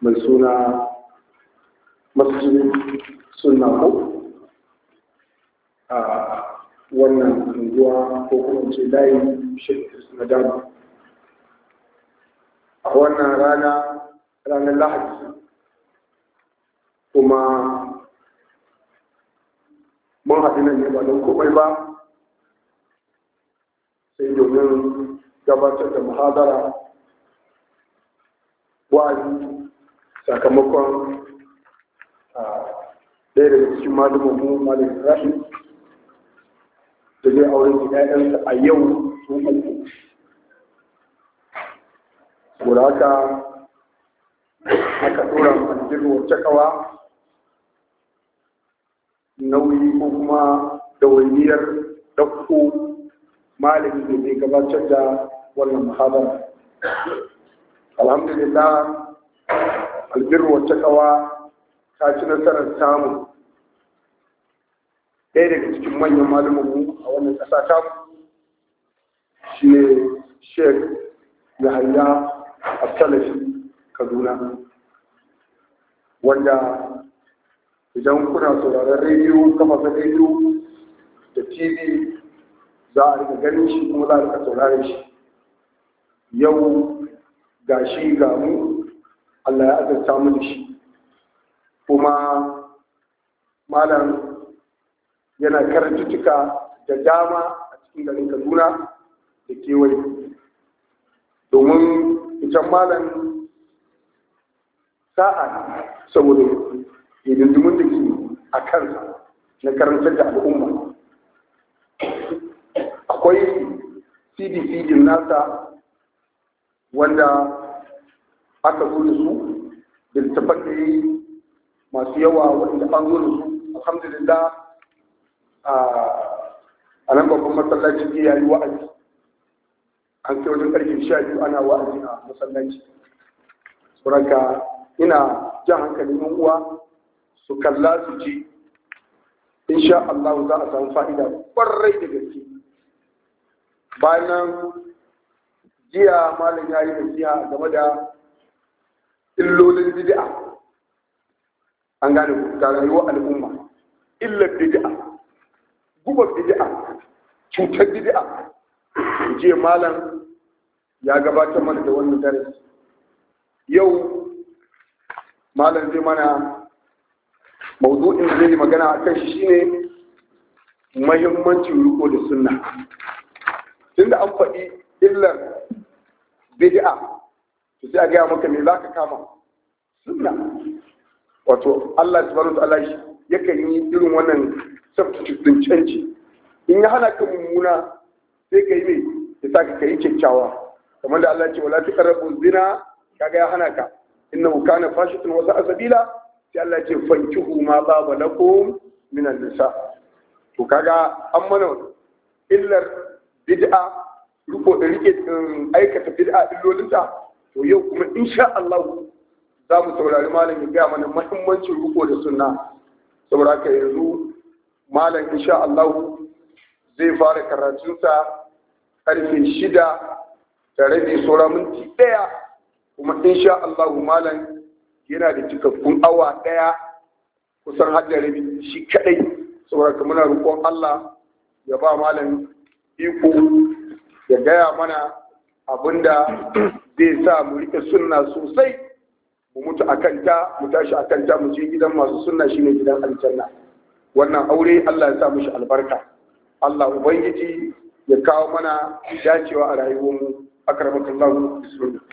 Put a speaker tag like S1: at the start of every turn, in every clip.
S1: mai suna masjidin sunna ku a wannan unguwa ko kuma ce layi shirkus na dama a wannan rana ranar lahadi kuma mun haɗu nan ne ba don komai ba sai domin gabatar da muhadara wa'azi sakamakon ɗaya daga cikin malumin mu malumin ibrahim da zai auren da ƴaƴansa a yau su uku saboda haka aka ɗora wacce kawa nauyi ko kuma dawainiyar ɗauko malami da zai gabatar da wannan mahabar alhamdulillah albirru wata kawa ta ci nasarar samu ɗaya daga cikin manyan malumanmu a wannan ƙasa ta shi ne hanya a abtalashi kaduna wanda idan kuna sauraron rediyo kafafen rediyo da tv za a rika ganin shi kuma za a rika sauraron shi yau ga shi ga mu Allah ya azurta mu da shi kuma malam yana cika da dama a cikin garin Kaduna da kewaye domin ita malam sa'a saboda hidindimin da ke a kansa na karantar da al'umma akwai cd nasa wanda aka zuri su da littafan yi masu yawa waɗanda an zuri su alhamdulillah a nan babban masallacin iya yi wa'azi an kai wajen karfe sha biyu ana wa'azi a masallaci suraka ina jan hankali yan uwa su kalla su ji insha Allah za a samu fa'ida kwarai da gaske bayan jiya malam ya yi nasiha game da illolin bid'a an gane ku rayuwar al'umma illa bid'a guba bid'a cutar bid'a je malam ya gabatar mana da wannan darasi yau malam zai mana mawdu'in da zai magana a kan shi shine muhimmancin riko da sunna tunda an faɗi illar bid'a to sai a gaya maka me za ka kama sunna wato Allah subhanahu wa ta'ala yakan yi irin wannan substitute din canji in ya hana ka mummuna sai ka yi me ya sa ka yi kyakkyawa kamar da Allah ya ce wala taqrabu zina kaga ya hana ka innahu kana fashitun wa sa'a sabila sai Allah ya ce fankihu ma baba lakum min an-nisa to kaga an mana illar bid'a riko da rike um, aikata bid'a illolinta to yau kuma insha Allah za mu saurari malam ya gaya mana mahimmancin riko da sunna saboda ka yanzu malam insha Allah zai fara karatunsa karfe shida da rabi saura minti ɗaya kuma insha Allah malam yana da cikakkun awa ɗaya kusan har da shi kaɗai saboda ka muna roƙon Allah ya ba malam iko ya gaya mana abinda zai sa mu rike sunna sosai mu mutu a kanta mu tashi a kanta mu je gidan masu sunna shine gidan aljanna wannan aure Allah ya sa mushi albarka Allah ubangiji ya kawo mana dacewa a rayuwarmu akramakallahu bismillah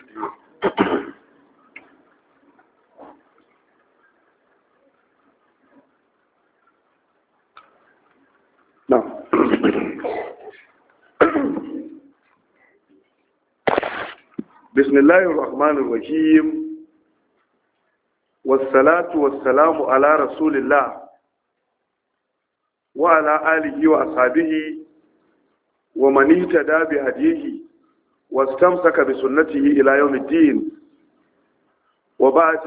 S2: بسم الله الرحمن الرحيم والصلاة والسلام على رسول الله وعلى آله وأصحابه ومن اهتدى بهديه واستمسك بسنته إلى يوم الدين وبعد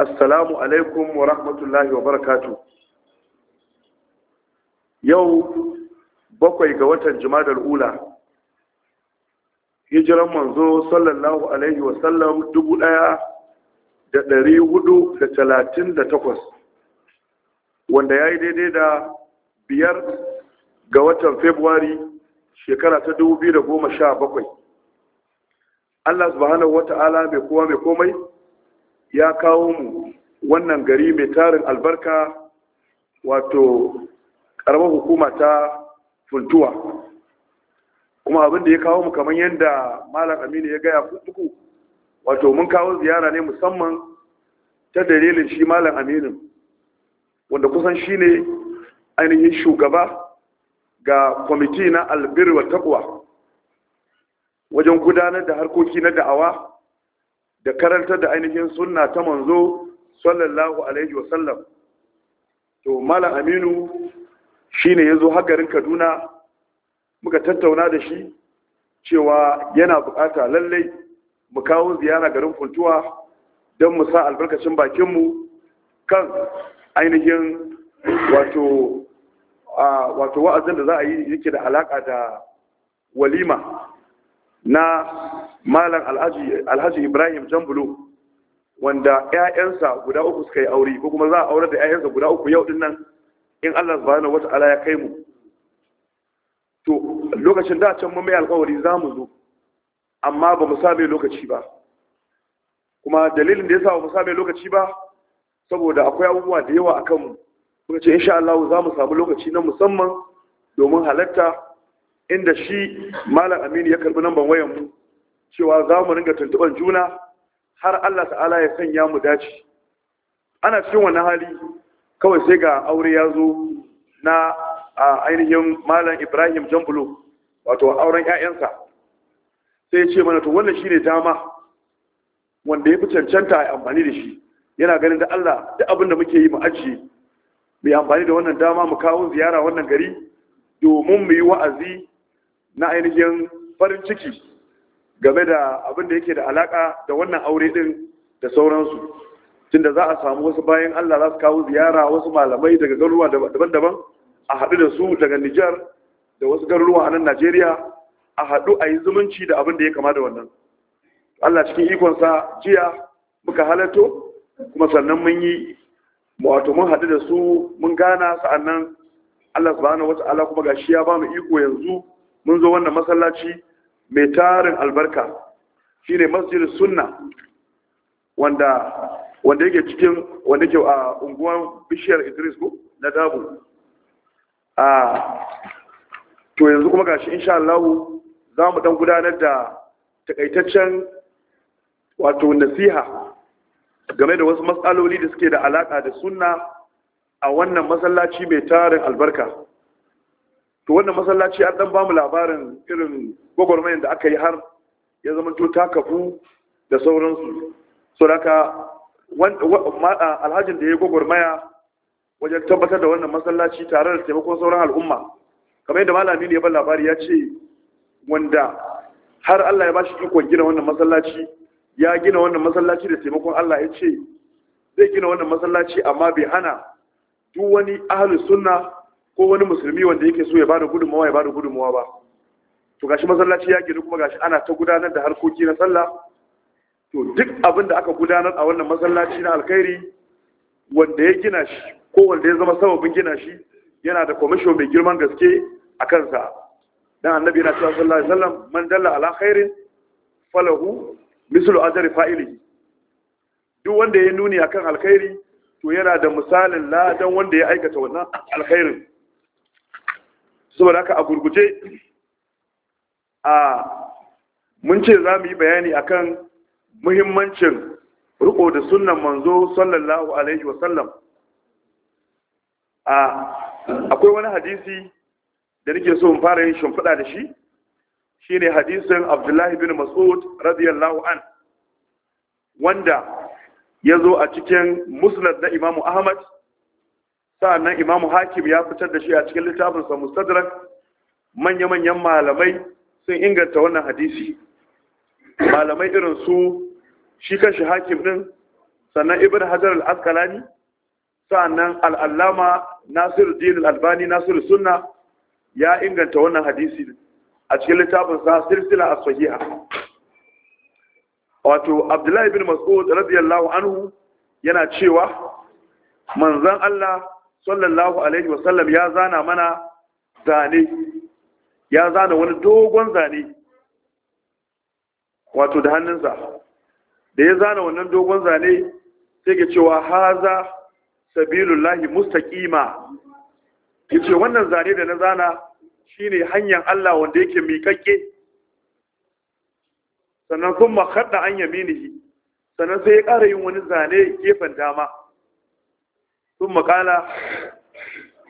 S2: السلام عليكم ورحمة الله وبركاته يوم بقي قوة الجماد الأولى hijiran manzo sallallahu alaihi wasallam dubu ɗaya da ɗari hudu da talatin da takwas wanda ya yi daidai da biyar ga watan februari shekara ta dubu biyu da goma sha bakwai allah subhanahu wata'ala mai kowa mai komai ya kawo mu wannan gari mai tarin albarka wato karamar hukuma ta funtuwa kuma abin da ya kawo mu kamar yadda malam aminu ya gaya kuku wato mun kawo ziyara ne musamman ta dalilin shi malam aminu wanda kusan shi ne ainihin shugaba ga kwamiti na albir wa takwa wajen gudanar da harkoki na da'awa da karantar da ainihin sunna ta manzo sallallahu alaihi wasallam to malam aminu shi ne ya zo hagarin kaduna muka tattauna da shi cewa yana bukata lallai mu kawo ziyara garin fultuwa don mu sa albarkacin bakinmu kan ainihin wato wato wa'azin da za a yi yake da alaka da walima na malam alhaji ibrahim jambulo wanda 'ya'yansa guda uku suka yi aure ko kuma za a aure da 'ya'yansa guda uku yau din nan in allah subhanahu wata'ala ya kai mu lokacin da can mu mai alƙawari za mu zo amma ba mu same lokaci ba kuma dalilin da ya sa ba mu same lokaci ba saboda akwai abubuwa da yawa a kanmu, muka ce insha Allah za mu samu lokaci na musamman domin halatta inda shi malam Aminu ya karbi namban wayan mu cewa za mu ringa tuntuban juna har Allah ta'ala ya sanya mu dace ana cikin wannan hali kawai sai ga aure ya zo na a ainihin malam Ibrahim Jambulo wato auren ƴaƴansa sai ya ce mana to wannan shine dama wanda ya fi cancanta a amfani da shi yana ganin da Allah duk abin da muke yi mu ajiye mu amfani da wannan dama mu kawo ziyara wannan gari domin mu yi wa'azi na ainihin farin ciki game da abin da yake da alaka da wannan aure din da sauransu tunda za a samu wasu bayan Allah za su kawo ziyara wasu malamai daga garuruwa daban-daban a haɗu da su daga Nijar da wasu garuruwa a nan Najeriya a haɗu a yi zumunci da abin da ya kama da wannan Allah cikin ikonsa jiya muka halatto kuma sannan mun yi wato mun haɗu da su mun gana sa'annan Allah subhanahu wata'ala kuma gashi ya ba mu iko yanzu mun zo wannan masallaci mai tarin albarka shine masjid sunna wanda wanda yake cikin wanda yake a unguwar bishiyar Idris ko na Dabo a ah, to yanzu kuma gashi insha Allah za mu dan gudanar da takaitaccen wato nasiha game da wasu matsaloli da suke da alaka da sunna a wannan masallaci mai tarin albarka to wannan masallaci an dan bamu labarin irin gwagwarmayar da aka yi har ya zama to ta kafu da sauransu so daga alhajin da ya yi gwagwarmaya wajen tabbatar da wannan masallaci tare da taimakon sauran al'umma kamar yadda malami ne ya bar labari ya ce wanda har Allah ya ba shi ikon gina wannan masallaci ya gina wannan masallaci da taimakon Allah ya ce zai gina wannan masallaci amma bai hana duk wani ahli sunna ko wani musulmi wanda yake so ya bada gudunmawa ya bada gudunmawa ba to gashi masallaci ya gina kuma gashi ana ta gudanar da harkoki na sallah to duk abin da aka gudanar a wannan masallaci na alkhairi wanda ya gina shi ko wanda ya zama sababin gina shi yana da kwamishin mai girman gaske a kansa dan annabi na cewa sallallahu alaihi wasallam man dalla ala khairin falahu mislu ajri fa'ili duk wanda ya nuni akan alkhairi to yana da misalin ladan wanda ya aikata wannan alkhairin saboda haka a gurguje a mun ce za mu yi bayani akan muhimmancin riko da sunnan manzo sallallahu alaihi wasallam a akwai wani hadisi da nake so in fara yin shimfiɗa da shi shine hadisin Abdullahi bin Mas'ud radiyallahu an wanda ya zo a cikin Musnad na Imam Ahmad sa'annan Imam Hakim ya fitar da shi a cikin littafinsa Mustadrak manya-manyan malamai sun inganta wannan hadisi malamai irin su shi kanshi Hakim din sannan Ibn Hajar al-Asqalani sa'annan al-Allama Nasiruddin al-Albani Nasiru Sunna ya inganta wannan hadisi a cikin littafin sa silsila as-sahiha wato Abdullahi ibn Mas'ud radiyallahu anhu yana cewa manzon Allah sallallahu alaihi wasallam ya zana mana zane ya zana wani dogon zane wato da hannunsa da ya zana wannan dogon zane sai ke cewa haza sabilullahi mustaqima yace wannan zane da na zana shine hanyar Allah wanda yake miƙaƙe sannan kuma khadda an yaminihi sannan sai ya ƙara yin wani zane gefen dama sun makala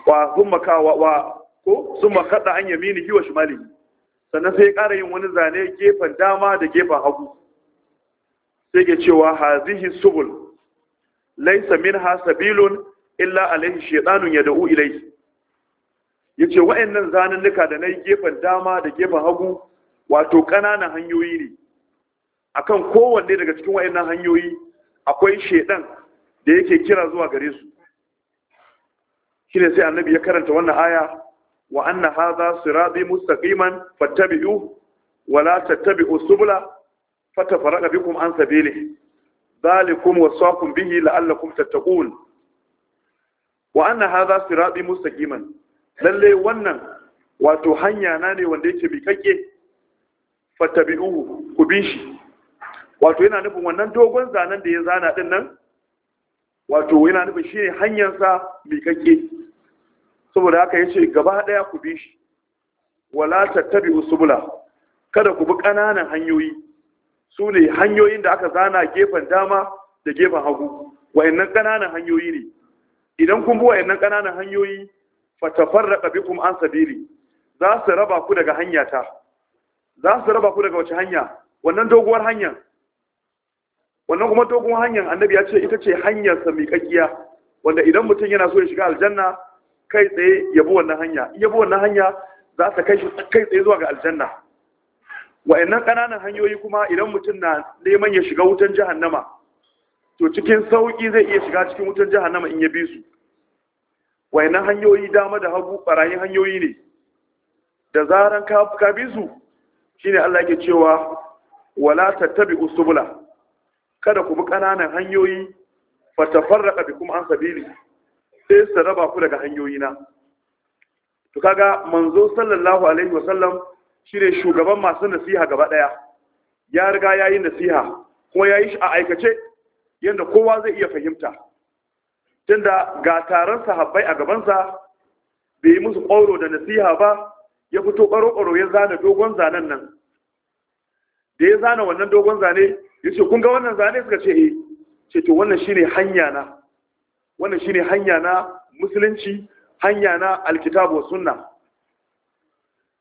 S2: wa sun makawa wa ko sun makadda an yaminihi wa shimali sannan sai ya ƙara yin wani zane gefen dama da gefen hagu sai ke cewa hazihi subul laysa minha sabilun illa alayhi shaytanun yad'u ilayhi yace wa'annan zanannuka da nayi gefen dama da gefen hagu wato ƙananan hanyoyi ne akan kowanne daga cikin wa'annan hanyoyi akwai shedan da yake kira zuwa gare su shine sai annabi ya karanta wannan aya wa anna hadha sirati mustaqiman fattabi'u wa la tattabi'u subula fatafaraka bikum an sabili zalikum wasaqum bihi la'allakum tattaqun wa anna hadha sirati mustaqiman lalle wannan wato hanya na ne wanda yake bikakke Fatabi'u ku bi shi wato yana nufin wannan dogon zanen da ya zana din nan wato yana nufin shine hanyar sa bikakke saboda haka yace gaba daya ku bi shi wala tattabi'u subula kada ku bi kananan hanyoyi su ne hanyoyin da aka zana gefen dama da gefen hagu wayannan kananan hanyoyi ne idan kun bi wayannan kananan hanyoyi fatafarraqa bikum an sabili za su raba ku daga hanya ta. za su raba ku daga wace hanya wannan doguwar hanyar wannan kuma doguwar hanyar annabi ya ce ita ce hanyar sa miƙaƙiya wanda idan mutum yana so ya shiga aljanna kai tsaye ya bi wannan hanya ya bi wannan hanya za ta kai shi kai tsaye zuwa ga aljanna wa'annan ƙananan hanyoyi kuma idan mutum na neman ya shiga wutan jahannama to cikin sauƙi zai iya shiga cikin wutan jahannama in ya bi su wayannan hanyoyi dama da hagu barayin hanyoyi ne da zaran ka bi su shine Allah yake cewa wala tattabi usbula kada ku bi kananan hanyoyi tafarraqa bikum an sabili sai su raba ku daga hanyoyi na. to kaga manzo sallallahu alaihi wasallam shine shugaban masu nasiha gaba daya ya riga yayi nasiha kuma yayi shi a aikace yanda kowa zai iya fahimta tunda ga taron sahabbai a gabansa bai yi musu ƙoro da nasiha ba ya fito ƙoro-ƙoro ya zana dogon zanen nan da ya zana wannan dogon zane ya ce kun ga wannan zane suka ce eh. ce to wannan shine hanya na wannan shine hanya na musulunci hanya na alkitabu wa sunna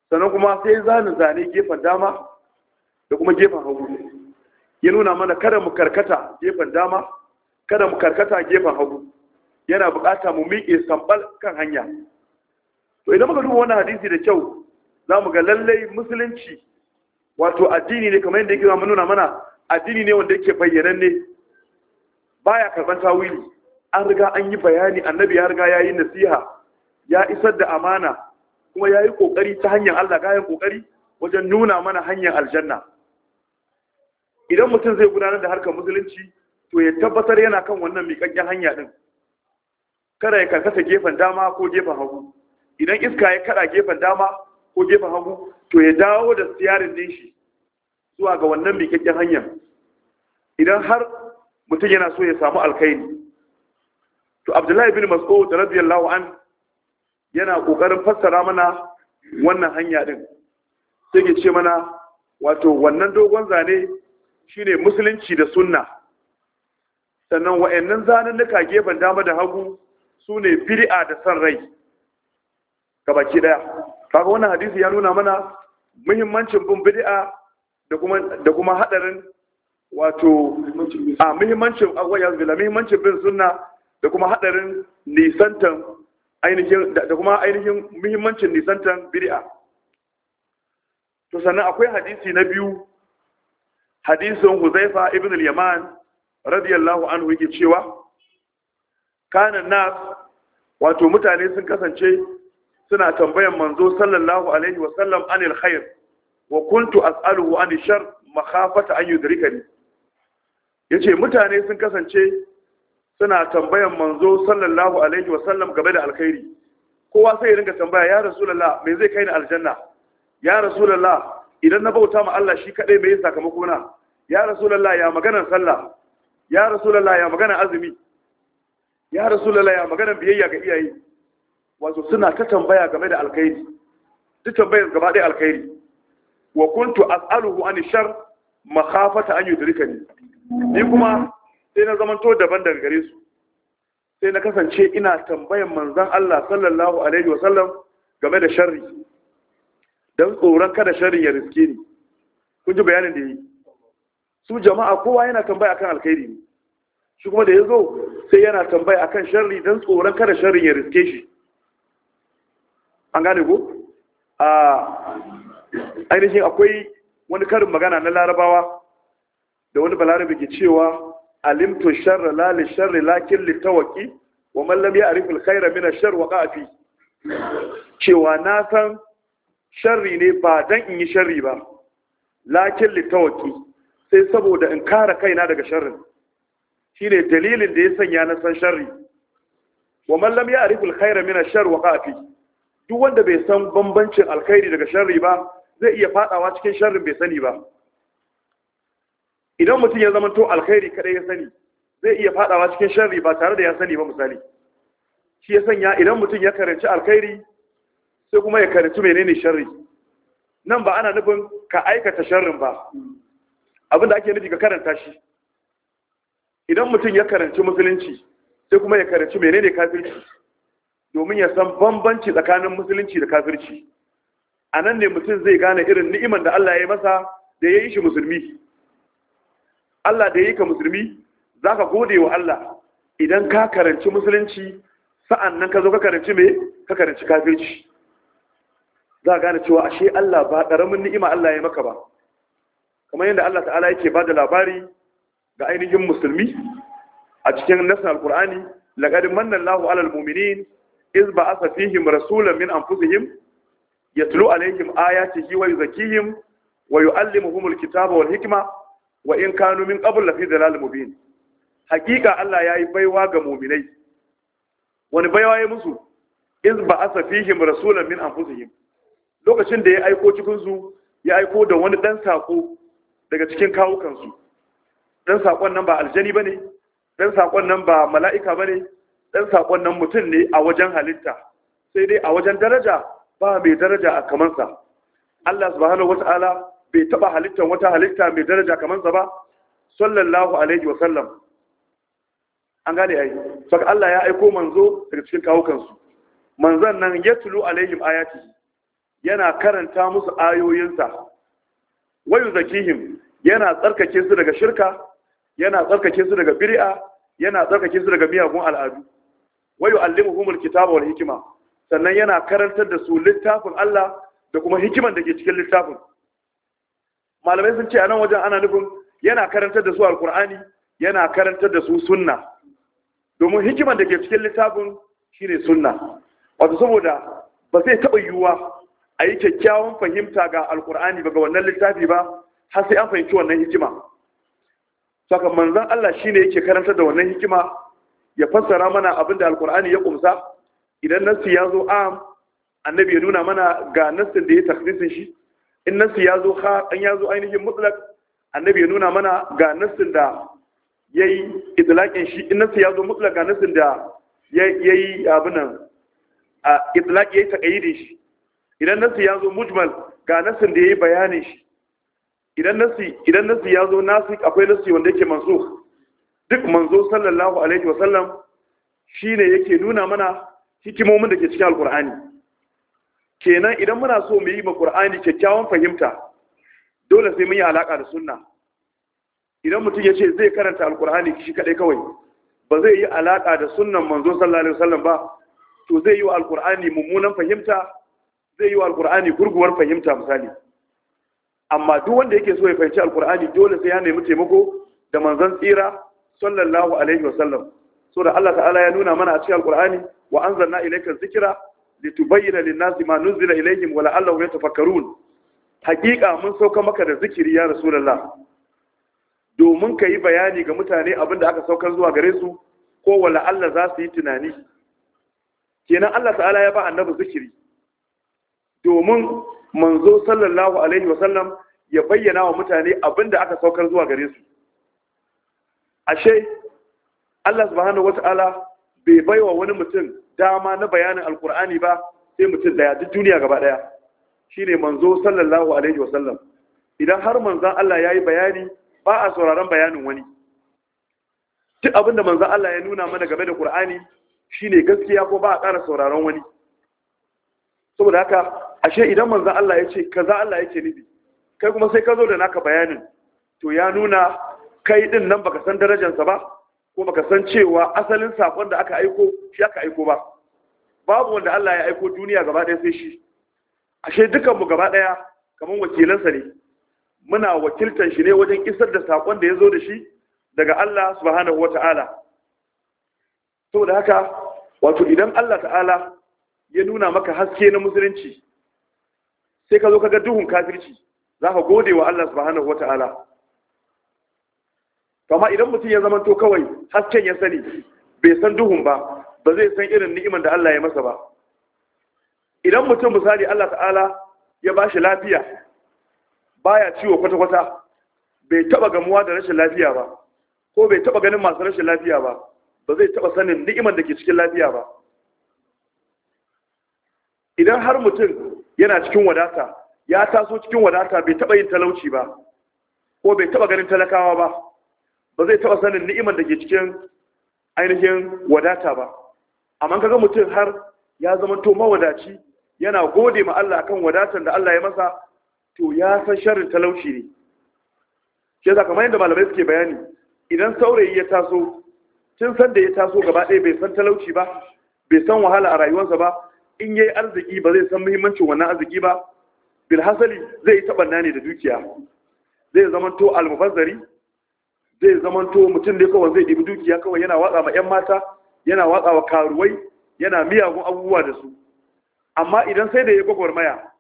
S2: sannan kuma sai zana zane gefen dama da kuma gefen hagu ya nuna mana kada mu karkata gefen dama kada mu karkata gefen hagu yana bukata mu miƙe sambal kan hanya to idan muka duba wannan hadisi da kyau za mu ga lallai musulunci wato addini ne kamar yadda yake zama nuna mana addini ne wanda yake ne. baya karɓar tawili an riga an yi bayani annabi ya riga ya yi nasiha ya isar da amana kuma ya yi ƙoƙari ta hanyar Allah gayan ƙoƙari wajen nuna mana hanyar aljanna idan mutum zai gudanar da harkar musulunci to ya tabbatar yana kan wannan miƙaƙƙen hanya ɗin kada ya karkasa gefen dama ko gefen hagu idan iska ya kada gefen dama ko gefen hagu to ya dawo da siyarin din shi zuwa ga wannan mikakken hanyar idan har mutum yana so ya samu alkaini to abdullahi bin mas'ud radiyallahu an yana kokarin fassara mana wannan hanya din sai ya ce mana wato wannan dogon zane shine musulunci da sunna sannan wa'annan zanannuka gefen dama da hagu su ne bid'a da san rai gabaki daya kaga wannan hadisi ya nuna mana muhimmancin bin bid'a da kuma da kuma hadarin wato a muhimmancin awaya bila muhimmancin bin sunna da kuma hadarin nisantan ainihin da kuma ainihin muhimmancin nisantan bid'a to sannan akwai hadisi na biyu hadisin Huzaifa ibn al-Yaman radiyallahu anhu yake cewa kanan nas wato mutane sun kasance suna tambayan manzo sallallahu alaihi wasallam anil khair wa kuntu as'aluhu an shar makhafata an yudrikani yace mutane sun kasance suna tambayan manzo sallallahu alaihi wasallam game da alkhairi kowa sai ya ringa tambaya ya rasulullah me zai kai ni aljanna ya rasulullah idan na bauta ma Allah shi kadai me yasa sakamako na ya rasulullah ya maganar sallah ya rasulullah ya maganar azumi ya rasulullah ya maganar biyayya ga iyaye wato suna ta tambaya game da alkhairi ta tambaya gaba ɗaya alkhairi wa kuntu as'aluhu an shar makhafata an yudrika ni kuma sai na zamanto daban daga gare su sai na kasance ina tambayan manzon Allah sallallahu alaihi wasallam game da sharri dan tsoron kada sharri ya riske ni kun ji bayanin da yi su jama'a kowa yana tambaya akan alkhairi ne shi kuma da ya zo sai yana a kan sharri don tsoron kada sharri ya riske shi an gane ku? a ainihin akwai wani karin magana na larabawa da wani balarabe ke cewa alimtun sharra lalin lakin Littawaki, wa mallam ya arifin al mina wa ƙafi cewa na san sharri ne ba dan in yi sharri ba lakin Littawaki, sai saboda in kare kaina daga sharrin shine dalilin da ya sanya na san sharri wa man lam ya'rif al mina min ash-shar fi duk wanda bai san bambancin alkhairi daga sharri ba zai iya fadawa cikin sharrin bai sani ba idan mutum ya zama to alkhairi kadai ya sani zai iya fadawa cikin sharri ba tare da ya sani ba misali shi ya sanya idan mutum ya karanci alkhairi sai kuma ya karanci menene sharri nan ba ana nufin ka aikata sharrin ba abinda ake nufi ka karanta shi idan mutum ya karanci musulunci sai kuma ya karanci menene kafirci domin ya san bambanci tsakanin musulunci da kafirci a nan ne mutum zai gane irin ni'iman da Allah ya yi masa da ya yi shi musulmi Allah da ya yi ka musulmi za ka gode wa Allah idan ka karanci musulunci sa'an nan ka zo ka karanci mai ka karanci kafirci za a gane cewa ashe Allah ba ƙaramin ni'ima Allah ya maka ba kamar yadda Allah ta'ala yake ba da labari ga ainihin musulmi a cikin nasin alkur'ani laqad manna Allahu 'alal mu'minin iz ba'atha fihim rasulan min anfusihim yatlu 'alayhim ayatihi wa yuzakkihim wa yu'allimuhumul kitaba wal hikma wa in kanu min qabl lafi dhalalin mubin hakika Allah yayi baiwa ga mu'minai wani baiwa ya musu iz ba'atha fihim rasulan min anfusihim lokacin da ya aiko cikin su ya aiko da wani dan sako daga cikin kawukansu dan sakon nan ba aljani bane dan sakon nan ba mala'ika bane dan sakon nan mutum ne a wajen halitta sai dai a wajen daraja ba mai daraja a kamansa Allah subhanahu wata'ala bai taba halittan wata halitta mai daraja kamansa ba sallallahu alaihi wa sallam an gane ai saka Allah ya aiko manzo daga cikin kawukansu manzon nan yatlu alaihim ayati yana karanta musu ayoyinsa wayu zakihim yana tsarkake su daga shirka yana tsarkake su daga bir'a yana tsarkake su daga miyagun al'adu wayu allimuhumul kitaba wal hikma sannan yana karantar da su littafin Allah da kuma hikiman da ke cikin littafin malamai sun ce a nan wajen ana nufin yana karantar da su alkur'ani yana karantar da su sunna domin hikiman da ke cikin littafin shine sunna wato saboda ba zai taɓa yiwuwa a yi kyakkyawan fahimta ga alkur'ani ba ga wannan littafi ba har sai an fahimci wannan hikima saka manzon Allah shine yake karanta da wannan hikima ya fassara mana abin da alkur'ani ya kumsa idan nassi ya zo am annabi ya nuna mana ga nassin da ya takdisin shi in nassi ya zo ha an ya zo ainihin mutlak annabi ya nuna mana ga nassin da yayi idlaqin shi in nassi ya zo mutlak ga nassin da yayi abin nan a idlaq yayi takayyidin shi idan nassi ya zo mujmal ga nassin da yayi bayanin shi idan nasi idan nasi ya zo nasi akwai nasi wanda yake mansukh duk manzo sallallahu alaihi wa sallam shine yake nuna mana hikimomin da ke cikin alqur'ani kenan idan muna so mu yi ma qur'ani kyakkyawan fahimta dole sai mun yi alaka da sunna idan mutum ya ce zai karanta alqur'ani shi kadai kawai ba zai yi alaka da sunnan manzo sallallahu alaihi wa sallam ba to zai yi wa alqur'ani mummunan fahimta zai yi alqur'ani gurguwar fahimta misali amma duk wanda yake so ya fahimci alkur'ani dole sai ya nemi taimako da manzon tsira sallallahu alaihi wasallam so da Allah ta'ala ya nuna mana a cikin alkur'ani wa anzalna ilayka dhikra litubayyana lin-nasi ma nuzila ilayhim wa la'allahum yatafakkarun hakika mun sauka maka da zikiri ya rasulullah domin ka bayani ga mutane abinda aka saukar zuwa gare su ko wala Allah za su yi tunani kenan Allah ta'ala ya ba annabi zikiri domin manzo sallallahu alaihi wasallam ya bayyana wa mutane abinda aka saukar zuwa gare su ashe Allah subhanahu wata'ala bai baiwa wani mutum dama na bayanin alkur'ani ba sai mutum daya duk duniya gaba daya shine manzo sallallahu alaihi wasallam idan har manzon Allah yayi bayani ba a sauraron bayanin wani duk abinda manzon Allah ya nuna mana game da Qur'ani shine gaskiya ko ba a ƙara sauraron wani saboda haka ashe idan manzan Allah ya ce kaza Allah ya yake nufi kai kuma sai ka zo da naka bayanin to ya nuna kai ɗin nan baka san darajansa ba ko baka san cewa asalin saƙon da aka aiko shi aka aiko ba babu wanda Allah ya aiko duniya gaba ɗaya sai shi ashe dukan mu gaba ɗaya kamar wakilansa ne muna wakiltan shi ne wajen isar da sakon da ya zo da shi daga Allah subhanahu wata'ala saboda haka wato idan Allah ta'ala ya nuna maka haske na musulunci sai ka zo ka ga duhun kafirci za ka gode wa Allah subhanahu wata'ala amma idan mutum ya zamanto kawai hasken ya sani bai san duhun ba ba zai san irin ni'imar da Allah ya masa ba idan mutum misali Allah ta'ala ya ba shi lafiya baya ciwo kwata-kwata bai taba gamuwa da rashin lafiya ba ko bai taba ganin masu rashin lafiya ba ba zai taba sanin ni'imar da ke cikin lafiya ba idan har mutum yana cikin wadata ya taso cikin wadata bai taba yin talauci ba ko bai taba ganin talakawa ba ba zai taba sanin ni'imar da ke cikin ainihin wadata ba amma kaga mutum har ya zama to mawadaci yana gode ma Allah akan wadatar da Allah ya masa to ya san sharrin talauci ne shi yasa kamar yadda malamai suke bayani idan saurayi ya taso tun san da ya taso gaba ɗaya bai san talauci ba bai san wahala a rayuwarsa ba in yi arziki ba zai san muhimmancin wannan arziki ba bil hasali zai yi tabanna ne da dukiya zai zamanto almubazzari zai zamanto mutum da kawai zai ɗibi dukiya kawai yana watsa ma 'yan mata yana watsa wa karuwai yana miyagun abubuwa da su amma idan sai da ya gwagwarmaya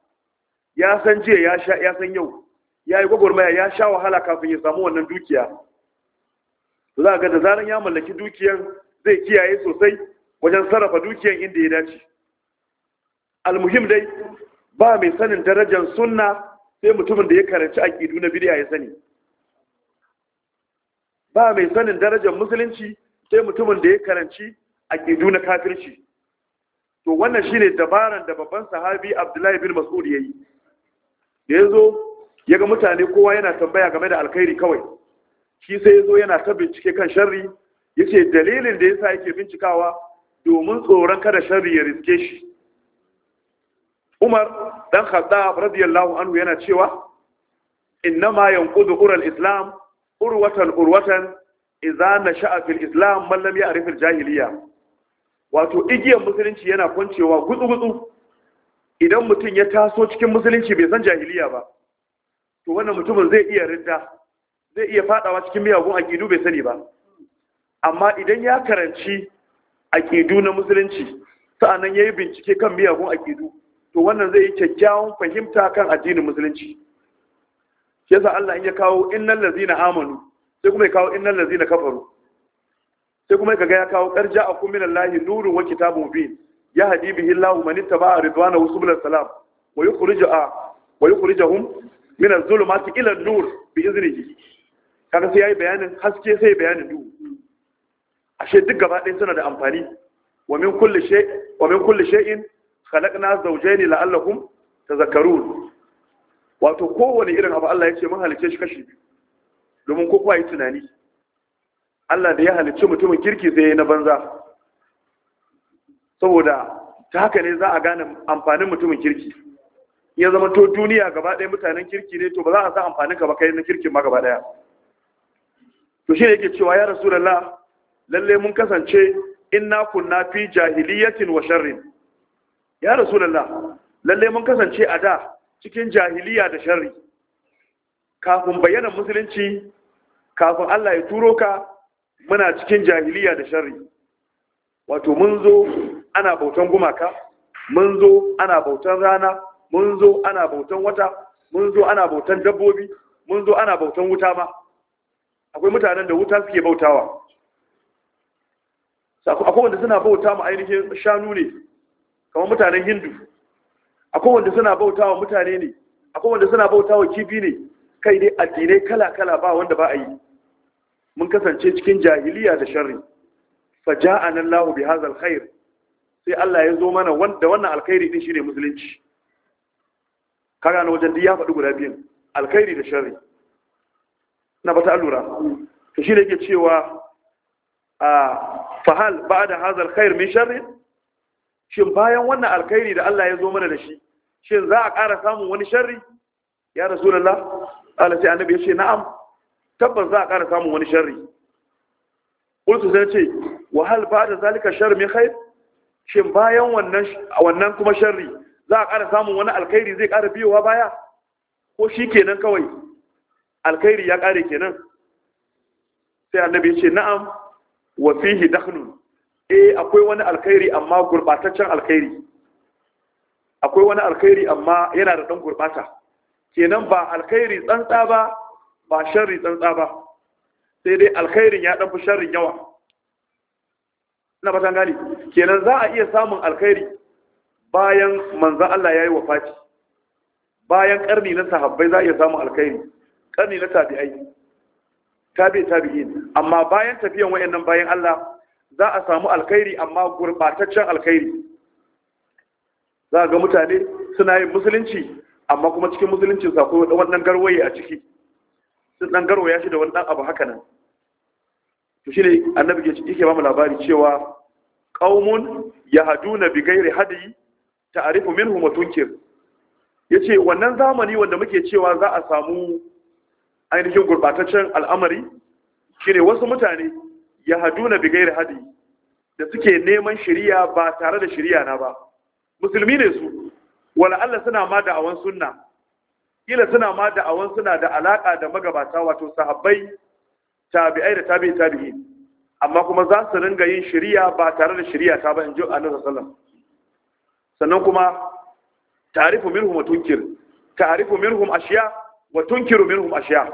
S2: ya san jiya ya sha ya san yau ya yi gwagwarmaya ya sha wahala kafin ya samu wannan dukiya za ga da zaran ya mallaki dukiyar zai kiyaye sosai wajen sarrafa dukiyar inda ya dace almuhim dai ba mai sanin darajar sunna sai mutumin da ya karanci aƙidu na bidiya ya sani ba mai sanin darajar musulunci sai mutumin da ya karanci aƙidu na kafirci to wannan shine dabaran da babban sahabi abdullahi bin mas'ud ya yi da ya zo ya ga mutane kowa yana tambaya game da alkhairi kawai shi sai ya zo yana ta bincike kan sharri ya ce dalilin da ya sa yake bincikawa domin tsoron kada sharri ya riske shi umar dan khattab radiyallahu anhu yana cewa innama yanqudu ural islam urwatan urwatan idza nasha'a fil islam man lam ya'rif al jahiliya wato igiyar musulunci yana kwancewa gutsu gutsu idan mutum ya taso cikin musulunci bai san jahiliya ba to wannan mutumin zai iya ridda zai iya fadawa cikin miyagun aqidu bai sani ba amma idan ya karanci aqidu na musulunci sa'annan yayi bincike kan miyagun aqidu to wannan zai yi kyakkyawan fahimta kan addinin musulunci yasa Allah in ya kawo innal ladzina amanu sai kuma ya kawo innal ladzina kafaru sai kuma kaga ya kawo qarja akum minallahi nurun wa kitabun mubin ya hadi bihi Allahu man ittaba'a wa subul salam wa yukhrijuha wa yukhrijuhum min adh-dhulumati ila an-nur bi iznihi kaga sai yayi bayanin haske sai bayanin du. ashe duk gaba ɗaya suna da amfani wa min kulli shay wa min kulli shay'in khalaqna zawjayn la'allakum tadhakkarun wato kowane irin abu Allah ya mun halice shi kashi domin ko kuwa yi tunani Allah da ya halice mutumin kirki zai yi na banza saboda ta haka ne za a gane amfanin mutumin kirki ya zama to duniya gaba ɗaya mutanen kirki ne to ba za a sa amfanin ka ba kai na kirkin ma gaba ɗaya to shi ne yake cewa ya rasulullah lalle mun kasance inna kunna fi jahiliyatin wa sharrin ya rasulallah lalle mun kasance a da cikin jahiliya da shari. kafin bayyana musulunci kafin Allah ya turo ka muna cikin jahiliya da shari. wato mun zo ana bautan gumaka mun zo ana bautan rana mun zo ana bautan wata mun zo ana bautan dabbobi mun zo ana bautan wuta ma akwai mutanen da wuta suke bautawa akwai wanda suna bauta ma ainihin shanu ne kamar mutanen hindu akwai wanda suna bautawa mutane ne akwai wanda suna bautawa kifi ne kai dai addinai kala-kala ba wanda ba a yi mun kasance cikin jahiliya da sharri faja'ana lahu bi hazal khair sai Allah ya zo mana wanda wannan alkhairi din shine musulunci kaga na wajen ya faɗi guda biyan alkhairi da sharri na bata allura to shine yake cewa a fahal ba'da hazal khair min sharri shin bayan wannan alkhairi da Allah ya zo mana da shi shin za a ƙara samun wani sharri ya rasulullah Allah sai annabi ya ce na'am tabbas za a ƙara samun wani sharri ulsu sai ce wa hal ba'da zalika sharri min khair shin bayan wannan wannan kuma sharri za a ƙara samun wani alkhairi zai ƙara biyowa baya ko shi kenan kawai alkhairi ya ƙare kenan sai annabi ya ce na'am wa fihi dakhlun eh akwai wani alkhairi amma gurbataccen alkhairi akwai wani alkhairi amma yana da ɗan gurbata kenan ba alkhairi tsantsa ba ba sharri tsantsa ba sai dai alkhairin ya ɗan fi sharrin yawa ina fatan gani kenan za a iya samun alkhairi bayan manzo Allah ya yi wa Fati, bayan ƙarni na sahabbai za a iya samun alkhairi ƙarni na tabi'ai tabi'i tabi'in amma bayan tafiyan wayannan bayan Allah za a samu alkhairi amma gurbataccen alkhairi za ga mutane suna yin musulunci amma kuma cikin musuluncin sa akwai wannan garwaye a ciki sun dan garwaya shi da wani abu haka nan to shine annabi ke yake ba mu labari cewa qaumun yahduna bi ghairi hadi ta'rifu minhum wa tunkir yace wannan zamani wanda muke cewa za a samu ainihin gurbataccen al'amari shine wasu mutane yahduna bi bigayar hadi da suke neman shari'a ba tare da shari'a na ba musulmi ne su wala Allah suna ma da awan sunna kila suna ma da awan suna da alaka da magabata wato sahabbai tabi'ai da tabi'i tabi'i amma kuma za su ringa yin shari'a ba tare da shari'a ta ba in ji annabi sallallahu sannan kuma ta'rifu minhum wa tunkir ta'rifu minhum ashiya wa tunkiru minhum ashiya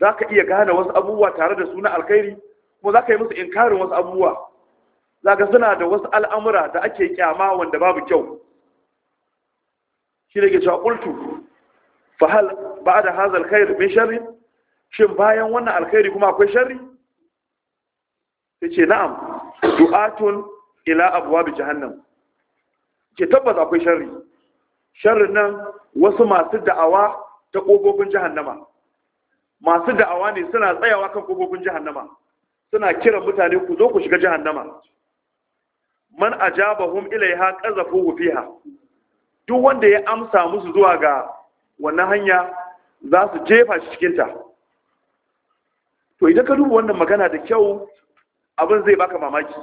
S2: zaka iya gane wasu abubuwa tare da su na alkhairi kuma za ka yi musu inkarin wasu abubuwa za ka suna da wasu al'amura da ake kyama wanda babu kyau shi da ke cewa ƙultu ba da haza alkhairu min shari shin bayan wannan alkhairu kuma akwai shari ya ce na'am du'atun ila abuwa bi jahannam ke tabbas akwai shari shari nan wasu masu da'awa ta ƙofofin jahannama masu da'awa ne suna tsayawa kan ƙofofin jahannama suna kiran mutane ku zo ku shiga jahannama man ajabahum ilaiha qazafuhu fiha duk wanda ya amsa musu zuwa ga wannan hanya za su jefa shi cikin ta to idan ka duba wannan magana da kyau abin zai baka mamaki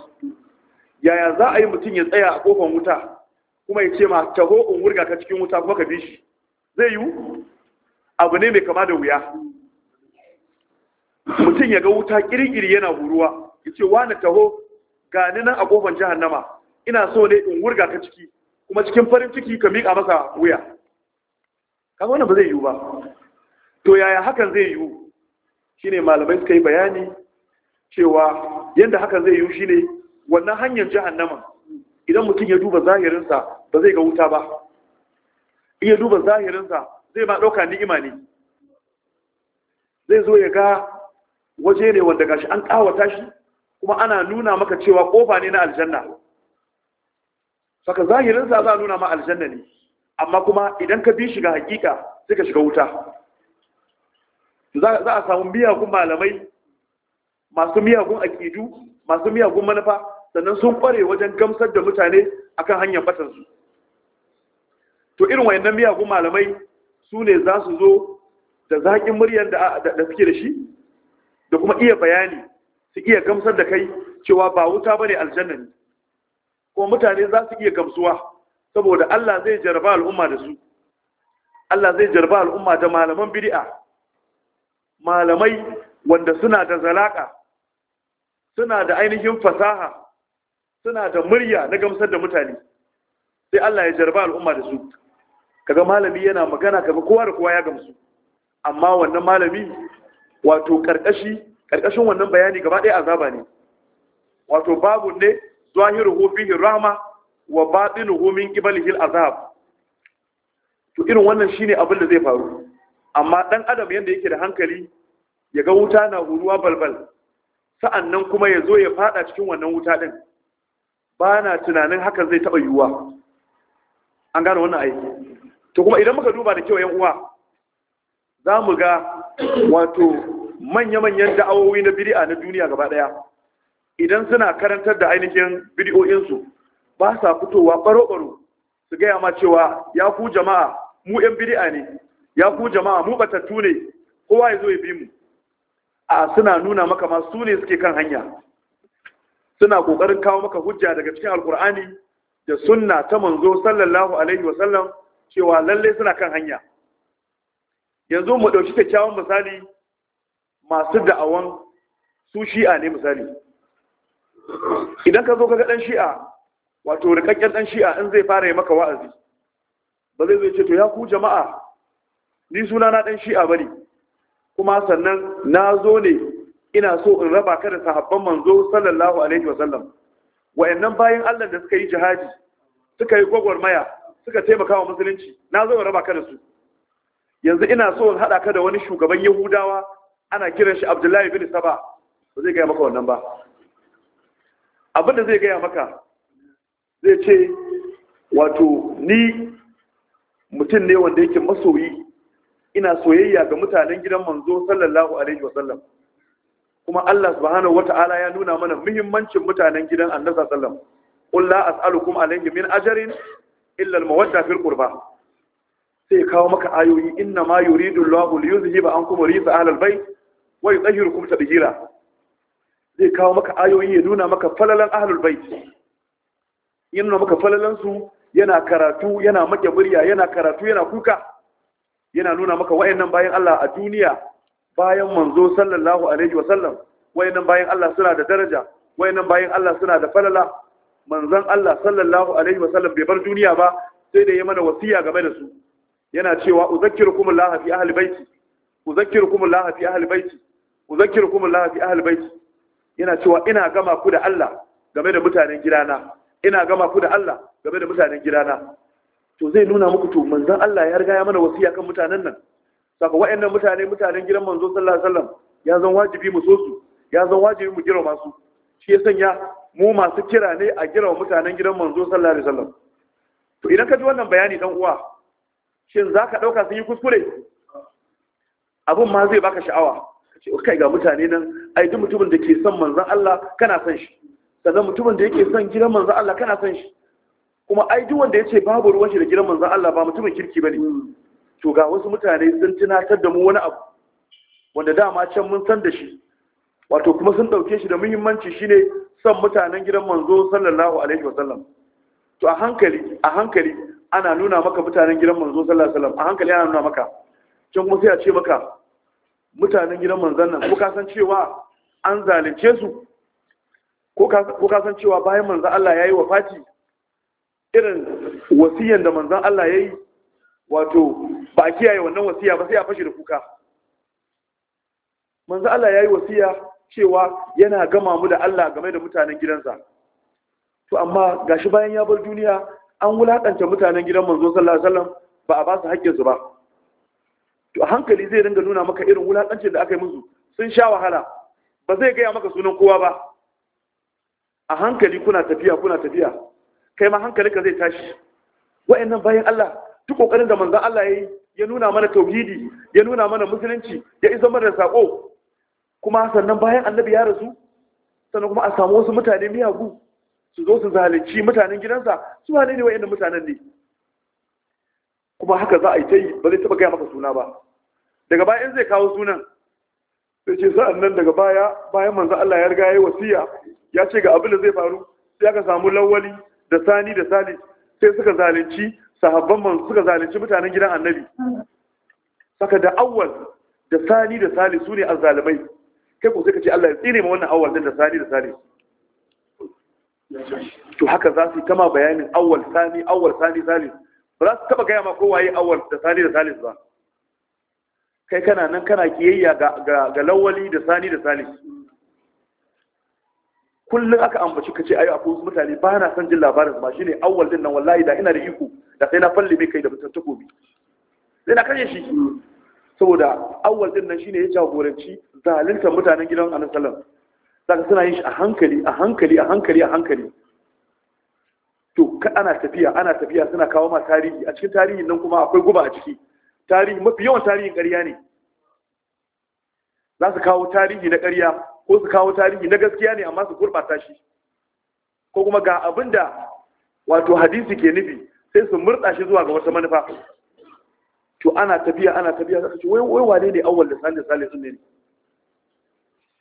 S2: yaya za a yi mutum ya tsaya a kofar wuta kuma ya ce ma taho in wurga ka cikin wuta kuma ka bi shi zai yiwu abu ne mai kama da wuya mutum ya ga wuta kirkiri yana huruwa ya ce na taho ga ni nan a kofar jahannama ina so ne in wurga ka ciki kuma cikin farin ciki ka miƙa masa wuya kaga wannan ba zai yiwu ba to yaya hakan zai yiwu shine malamai suka yi bayani cewa yadda hakan zai yiwu shine wannan hanyar jahannama idan mutum ya duba zahirinsa ba zai ga wuta ba in ya duba zahirinsa zai ma ɗauka ni'ima ne zai zo ya ga waje ne wanda gashi an kawata shi kuma ana nuna maka cewa kofa ne na aljanna saka zahirin sa za nuna ma aljanna ne amma kuma idan ka bi shi ga hakika sai ka shiga wuta za a samu miyagun malamai masu miyagun akidu masu miyagun manufa sannan sun kware wajen gamsar da mutane akan hanyar batansu to irin wayannan miyagun malamai su ne za su zo da zaƙin muryar da suke da shi da kuma iya bayani su iya gamsar da kai cewa ba wuta bane aljanna ne kuma mutane za su iya gamsuwa saboda Allah zai jarba al'umma da su Allah zai jarba al'umma da malaman bid'a malamai wanda suna da zalaka suna da ainihin fasaha suna da murya na gamsar da mutane sai Allah ya jarba al'umma da su kaga malami yana magana kaga kowa da kowa ya gamsu amma wannan malami wato karkashi karkashin wannan bayani gaba ɗaya azaba ne wato babu ne hu fihi rahma wa batinuhu min qibalihi azab to irin wannan shine abin da zai faru amma dan adam yanda yake da hankali ya ga wuta na huruwa balbal sa'annan kuma ya zo ya fada cikin wannan wuta din ba na tunanin hakan zai taba yiwuwa an gane wannan aiki to kuma idan muka duba da kyau yan uwa za mu ga wato manya-manyan da'awowi na bid'a na duniya gaba daya idan suna karantar da ainihin bidiyo'insu, ba sa fitowa baro-baro su gaya ma cewa ya ku jama'a mu 'yan bid'a ne ya ku jama'a mu batattu ne kowa ya zo ya bi mu a suna nuna maka ma ne suke kan hanya suna kokarin kawo maka hujja daga cikin alkur'ani da sunna ta manzo sallallahu alaihi wasallam cewa lallai suna kan hanya yanzu mu ɗauki kyakkyawan misali masu da'awan su shi'a ne misali idan ka zo ka ga ɗan shi'a wato rikakken ɗan shi'a in zai fara yi maka wa'azi ba zai zai ce to ya ku jama'a ni suna na ɗan shi'a bane kuma sannan na zo ne ina so in raba ka da sahabban manzo sallallahu alaihi wa sallam wayannan bayan Allah da suka yi jihadi suka yi gwagwarmaya suka taimaka wa musulunci na zo in raba ka da su yanzu ina so in haɗa ka da wani shugaban yahudawa ana kiran shi abdullahi bin saba ba zai gaya maka wannan ba abin da zai gaya maka zai ce wato ni mutum ne wanda yake masoyi ina soyayya ga mutanen gidan manzo sallallahu alaihi wasallam kuma Allah subhanahu wata'ala ya nuna mana muhimmancin mutanen gidan annabi sallallahu alaihi wasallam qul la as'alukum alaihi min ajrin illa al fil qurbah sai kawo maka ayoyi inna ma yuridu Allahu li yuzhiba ankum rijsa ahlal bait wa yutahhirukum tadhira Sai kawo maka ayoyi ya nuna maka falalan ahlul bait ya nuna maka falalan su yana karatu yana make murya yana karatu yana kuka yana nuna maka wayannan bayan Allah a duniya bayan manzo sallallahu alaihi wa sallam wayannan bayan Allah suna da daraja wayannan bayan Allah suna da falala manzon Allah sallallahu alaihi wa sallam bai bar duniya ba sai da ya mana wasiya game da su yana cewa uzakkirukum Allah fi ahli baiti uzakkirukum Allah fi ahli baiti uzakkirukum Allah fi ahli baiti yana cewa ina gama ku da Allah game da mutanen gidana ina gama ku da Allah game da mutanen gidana to zai nuna muku to manzon Allah ya riga ya mana wasiya kan mutanen nan saka wayannan mutane mutanen gidan manzo sallallahu alaihi wasallam ya zan wajibi mu so su ya zan wajibi mu girma su shi ya sanya mu masu kira ne a girma mutanen gidan manzo sallallahu alaihi wasallam to idan ka ji wannan bayani dan uwa shin za ka ɗauka sun yi kuskure abin ma zai baka sha'awa ce kai ga mutane nan yi duk mutumin da ke son manzan Allah kana son shi sannan mutumin da yake son gidan manzan Allah kana son shi kuma ai duk wanda yace babu ruwan shi da gidan manzan Allah ba mutumin kirki bane hmm. to ga wasu mutane sun tunatar da mu wani abu wanda dama can mun san da shi wato kuma sun dauke shi da muhimmanci shine son mutanen gidan manzo sallallahu alaihi wasallam to a hankali a hankali ana nuna maka mutanen gidan Manzon sallallahu alaihi wasallam a hankali ana nuna maka can kuma sai a ce maka mutanen gidan manzon nan ko ka san cewa an zalunce su ko ka san cewa bayan manzon Allah yayi wafati irin wasiyan da manzon Allah yayi wato ba a kiyaye wannan wasiya ba sai a fashi da kuka manzon Allah yayi wasiya cewa yana gama mu da Allah game da mutanen gidansa to amma gashi bayan ya bar duniya an wulaƙanta mutanen gidan manzo sallallahu alaihi wasallam ba a ba su ba to hankali zai dinga nuna maka irin wulaƙancin da aka yi musu sun sha wahala ba zai gaya maka sunan kowa ba a hankali kuna tafiya kuna tafiya kai ma ka zai tashi wa'annan bayan Allah duk kokarin da manzon Allah ya yi, ya nuna mana tauhidi ya nuna mana musulunci ya isa mana sako kuma sannan bayan annabi ya rasu sannan kuma a samu wasu mutane miyagu su zo su zalunci mutanen gidansa su wane ne wa'annan mutanen ne kuma haka za a yi ta yi ba zai taɓa gaya maka suna ba daga baya in zai kawo sunan sai ce sa'an nan daga baya bayan manzo Allah ya riga ya yi wasiya ya ce ga abin da zai faru sai aka samu lawali da sani da sali sai suka zalunci sahabban man suka zalunci mutanen gidan annabi saka da awwal da sani da sali su ne azzalimai kai ko sai ka ce Allah ya tsine ma wannan awwal din da sani da sali to haka za su yi kama bayanin awal sani awal sani salis ba za su taba gaya ma kowa yi awwal da sani da salis ba kai kana nan kana kiyayya ga lawali da sani da salis kullum aka ambaci ka ce ayi akwai mutane ba na son jin labarin ba shine awal din nan wallahi da ina da iko da sai na falle mai kai da mutum takobi sai na kashe shi saboda awal din nan shine ya jagoranci zalunta mutanen gidan annabi sallallahu alaihi wasallam zaka suna yin shi a hankali a hankali a hankali a hankali to ana tafiya ana tafiya suna kawo ma tarihi a cikin tarihin nan kuma akwai guba a ciki tarihi mafi yawan tarihin ƙarya ne za su kawo tarihi na ƙarya ko su kawo tarihi na gaskiya ne amma su gurɓata shi ko kuma ga abin da wato hadisi ke nufi sai su murɗa shi zuwa ga wata manufa to ana tafiya ana tafiya ka ce wai wane ne awwal da Sale salih sun ne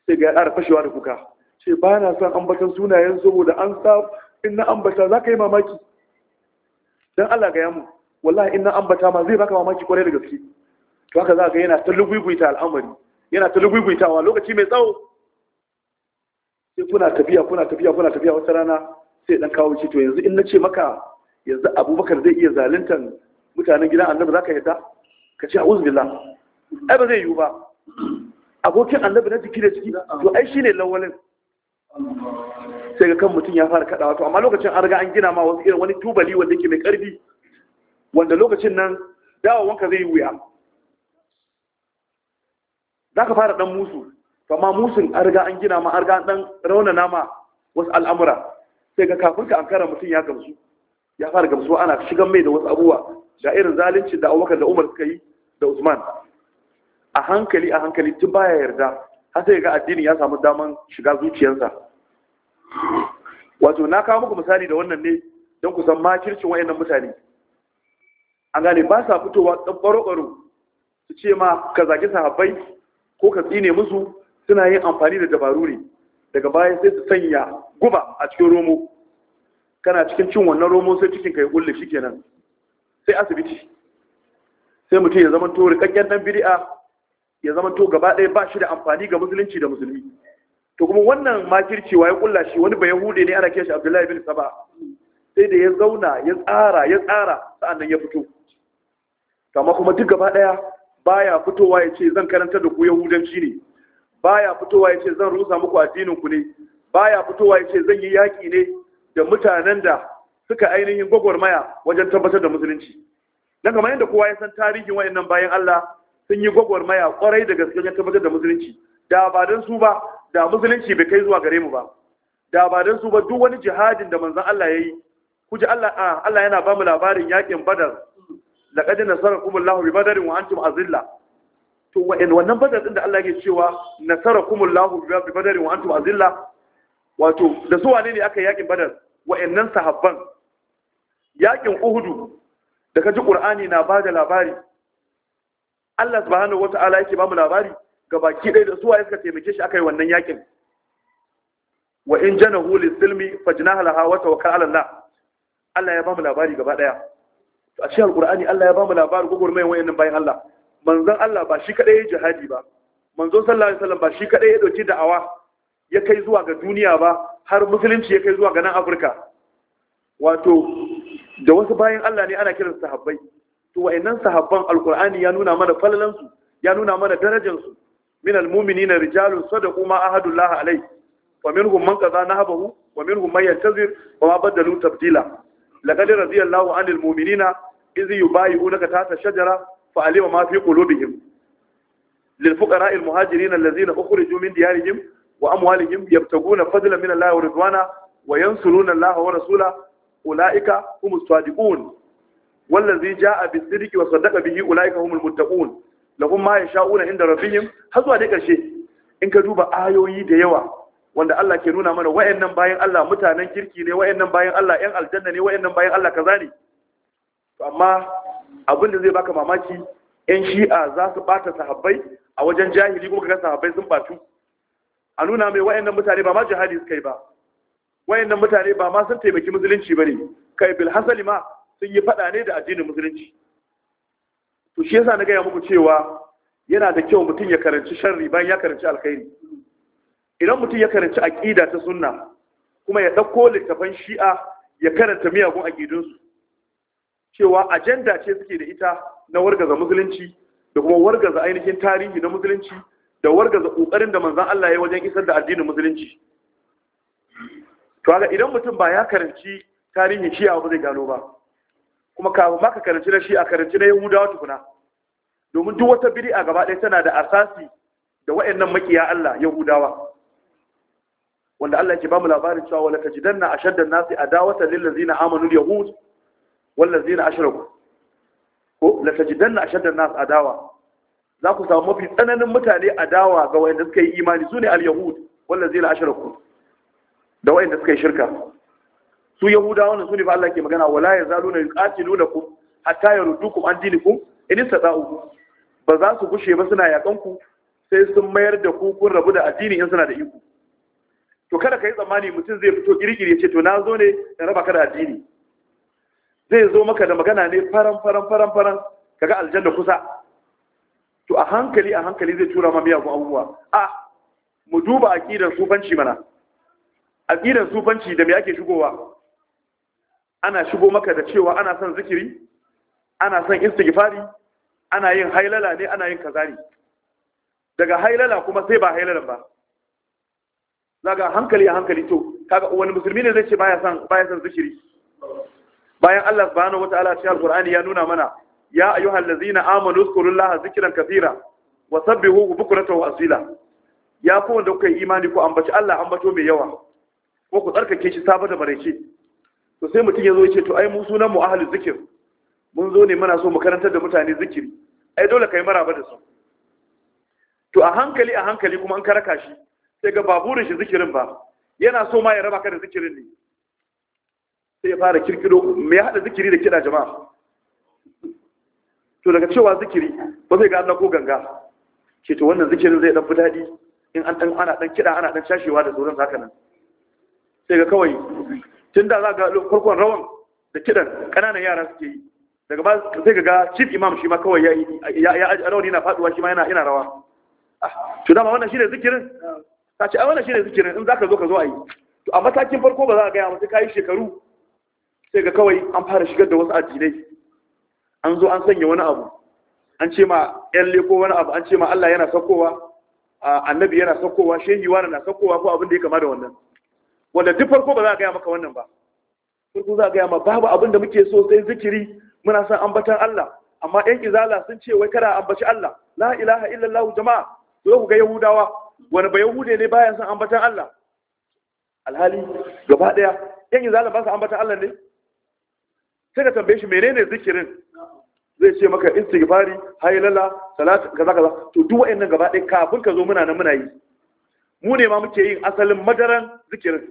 S2: sai ga ƙara fashewa da kuka ce ba na son ambatan sunayen saboda an sa in na ambata za ka yi mamaki don Allah ga yamu wallahi in na ambata ma zai baka mamaki kwarai da gaske to haka za ka yana ta lugwigwita al'amari yana ta luguguitawa lokaci mai tsawo sai kuna tafiya kuna tafiya kuna tafiya wata rana sai dan kawo ci to yanzu in na ce maka yanzu abubakar zai iya zaluntan mutanen gidan annabi za ka yarda ka ce a'udhu billah ai ba zai yiwu ba abokin annabi na jiki da jiki to ai shine lawalin sai ga kan mutum ya fara kaɗawa to amma lokacin an riga an gina ma wasu irin wani tubali wanda ke mai ƙarfi wanda lokacin nan wanka zai wuya za ka fara ɗan musu to amma musun an riga an gina ma an riga an ɗan raunana ma wasu al'amura sai ga kafin ka ankara mutum ya gamsu ya fara gamsuwa ana shigan mai da wasu abubuwa da irin zalunci da abubakar da umar suka yi da usman a hankali a hankali tun baya yarda har sai ga addini ya samu daman shiga zuciyarsa wato na kawo muku misali da wannan ne don ku san makircin wayannan mutane an gane ba sa fitowa tsabaro-baro su ce ma ka zaki sahabbai ko ka tsine musu suna yin amfani da dabaru ne daga baya sai su sanya guba a cikin romo kana cikin cin wannan romo sai cikin ka ya kulle kenan sai asibiti sai mutum ya zama to rikakken dan bid'a ya zama to gaba ɗaya ba shi da amfani ga musulunci da musulmi to kuma wannan makircewa ya kulla shi wani bai hude ne ana kiyashi abdullahi bin saba sai da ya zauna ya tsara ya tsara sa'annan ya fito Kamar kuma duk gaba ɗaya baya fitowa ya ce zan karanta da ku yahudanci ne baya fitowa ya ce zan rusa muku addinin ku ne baya fitowa ya ce zan yi yaƙi ne da mutanen da suka ainihin gwagwarmaya wajen tabbatar da musulunci dan kamar yadda kowa ya san tarihin wayannan bayan Allah sun yi gwagwarmaya kwarai da gaske wajen tabbatar da musulunci da ba don su ba da musulunci bai kai zuwa gare mu ba da ba don su ba duk wani jihadin da manzon Allah ya yi kuji Allah a ah, Allah yana ba mu labarin yakin Badar laqad nasarakum Allahu bi badarin wa antum azilla to wa'in wannan Badar din da Allah yake cewa nasarakum Allahu bi badarin wa antum azilla wato da su wane ne aka yakin Badar wa'annan sahabban yakin Uhudu da kaji Qur'ani na ba da labari Allah subhanahu wata'ala yake ba mu labari ga baki ɗaya da suwa suka taimake shi akai wannan yakin wa in janahu silmi fajnaha laha wa tawakkal ala Allah Allah ya ba mu labari gaba ɗaya to a cikin alqur'ani Allah ya ba mu labari gugurmai wayannan bayan Allah manzon Allah ba shi kadai ya jihadi ba manzon sallallahu alaihi wasallam ba shi kadai ya dauki da'awa ya kai zuwa ga duniya ba har musulunci ya kai zuwa ga nan Afirka wato da wasu bayan Allah ne ana kiransu sahabbai to wayannan sahabban alkurani ya nuna mana falalan su ya nuna mana darajarsu su min almu'minina rijalun sadaqu ma ahadullah alai wa minhum man qada nahabahu wa minhum man yantazir wa ma badalu tabdila laqad radiyallahu anil mu'minina idh yubayyi'unaka tahta shajara fa alima ma fi qulubihim للفقراء المهاجرين الذين أخرجوا من ديارهم وأموالهم يبتغون wa من الله ورضوانا وينصرون الله ورسوله أولئك هم الصادقون wallazi jaa bis-sidqi wa saddaqa bihi ulaika humul muttaqun lahum ma yasha'una inda rabbihim har zuwa dai karshe in ka duba ayoyi da yawa wanda Allah ke nuna mana wayannan bayan Allah mutanen kirki ne wayannan bayan Allah ƴan aljanna ne wayannan bayan Allah kaza ne To amma abin da zai baka mamaki ƴan shi'a za su bata sahabbai a wajen jahili kuma kaga sahabbai sun batu a nuna mai wayannan mutane ba ma jihadi suka yi ba wayannan mutane ba ma sun taimaki musulunci bane kai bil hasali ma sun yi faɗa ne da addinin musulunci to shi yasa na gaya muku cewa yana da kyau mutum ya karanci sharri bayan ya karanci alkhairi idan mutum ya karanci aƙida ta sunna kuma ya ɗauko littafan shi'a ya karanta miyagun aƙidunsu cewa ajanda ce suke da ita na wargaza musulunci da kuma wargaza ainihin tarihi na musulunci da wargaza ƙoƙarin da manzan Allah ya wajen isar da addinin musulunci to haka idan mutum ba ya karanci tarihin shi'a ba zai gano ba kuma kafin maka karanci na shi a karanci na yahudawa tukuna domin duk wata a gaba ɗaya tana da asasi da wa'annan makiya Allah yahudawa wanda Allah yake ba mu labarin cewa wala tajidanna ashadda an-nasi adawata lil ladzina amanu al-yahud wal ladzina ashraku ko la tajidanna ashadda an-nas adawa za ku samu mafi tsananin mutane adawa ga wayanda suka yi imani sune al-yahud wal ladzina ashraku da wayanda suka yi shirka su yahudawa ne su ne fa Allah ke magana wala yuqatilu lakum hatta yaruddukum an dinikum in istata'u ba za su gushe ba suna yakan ku sai sun mayar da ku kun rabu da addini in suna da iko to kada kai tsammani mutum zai fito kirkire ce to nazo ne in raba ka da addini zai zo maka da magana ne faran faran faran faran kaga aljanna kusa to a hankali a hankali zai tura ma miyagun abubuwa a mu duba aqidar sufanci mana aqidar sufanci da me ake shigowa ana shigo maka da cewa ana son zikiri ana son istighfari ana yin hailala ne ana yin kazari daga hailala kuma sai ba hailalan ba daga hankali a hankali to kaga wani musulmi ne zai ce baya son baya son zikiri bayan Allah subhanahu wataala cikin alqur'ani ya nuna mana ya ayyuhal ladzina amanu zkurullaha zikran kaseera wa bukratan wa asila ya ku wanda kuka yi imani ku ambaci Allah ambato mai yawa ko ku tsarkake shi sabo da bareke to sai mutum ya zo ya ce to ai mu sunan mu ahli zikir mun zo ne muna so mu karantar da mutane zikiri ai dole kai maraba da su to a hankali a hankali kuma an karaka shi sai ga baburin shi zikirin ba yana so ma ya raba ka da zikirin ne sai ya fara kirkiro me ya hada zikiri da kida jama'a to daga cewa zikiri ba zai ga Allah ko ganga ce to wannan zikirin zai dan fi dadi in an dan ana dan kida ana dan shashewa da sauran haka nan sai ga kawai tun da za ga farkon rawan da kiɗan, ƙananan yara suke yi daga ba sai ga chief imam shi ma kawai ya ya rawan yana faduwa shi ma yana yana rawa ah, to dama wannan shine zikirin ta ce a wannan shine zikirin in zaka zo ka zo a yi to a matakin farko ba za a gaya ka yi shekaru sai ga kawai an fara shigar da wasu addinai an zo an sanya wani abu an ce ma yan leko wani abu an ce ma Allah yana sakowa annabi yana sakowa shehi wani na sakowa ko abin da ya kama da wannan wanda duk farko ba za a gaya maka wannan ba farko za a gaya ma babu abin da muke so sai zikiri muna son ambatan Allah amma ɗan izala sun ce wai kada ambaci Allah la ilaha illallah jama'a to ku ga yahudawa wani ba yahude ne baya son ambatan Allah alhali gaba ɗaya ɗan izala ba su ambatan Allah ne sai ka tambaye shi menene zikirin zai ce maka istighfari haylala salat kaza kaza to duk wa'annan gaba ɗaya kafin ka zo muna nan muna yi mu ne ma muke yin asalin madaran zikirin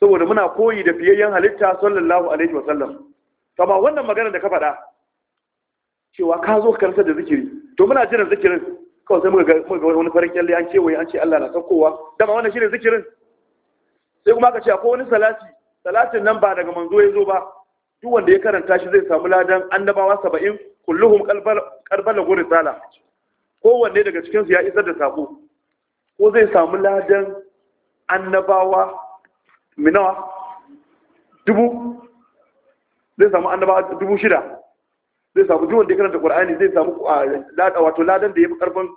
S2: saboda muna koyi da fiyayyen halitta sallallahu alaihi wasallam ba wannan magana da ka faɗa cewa ka zo karanta da zikiri to muna jiran zikirin kawai sai muka ga wani farin kyalle an kewaye an ce Allah na saukowa dama wannan shine zikirin sai kuma ka ce akwai wani salati salatin nan ba daga manzo ya zo ba duk wanda ya karanta shi zai samu ladan annabawa saba'in kulluhum karbala gurisala kowanne daga cikinsu ya isar da sako ko zai samu ladan annabawa minawa dubu zai samu annabawa dubu shida zai samu duwan da ya karanta ƙwar'ani zai samu wato ladan da ya fi ƙarfin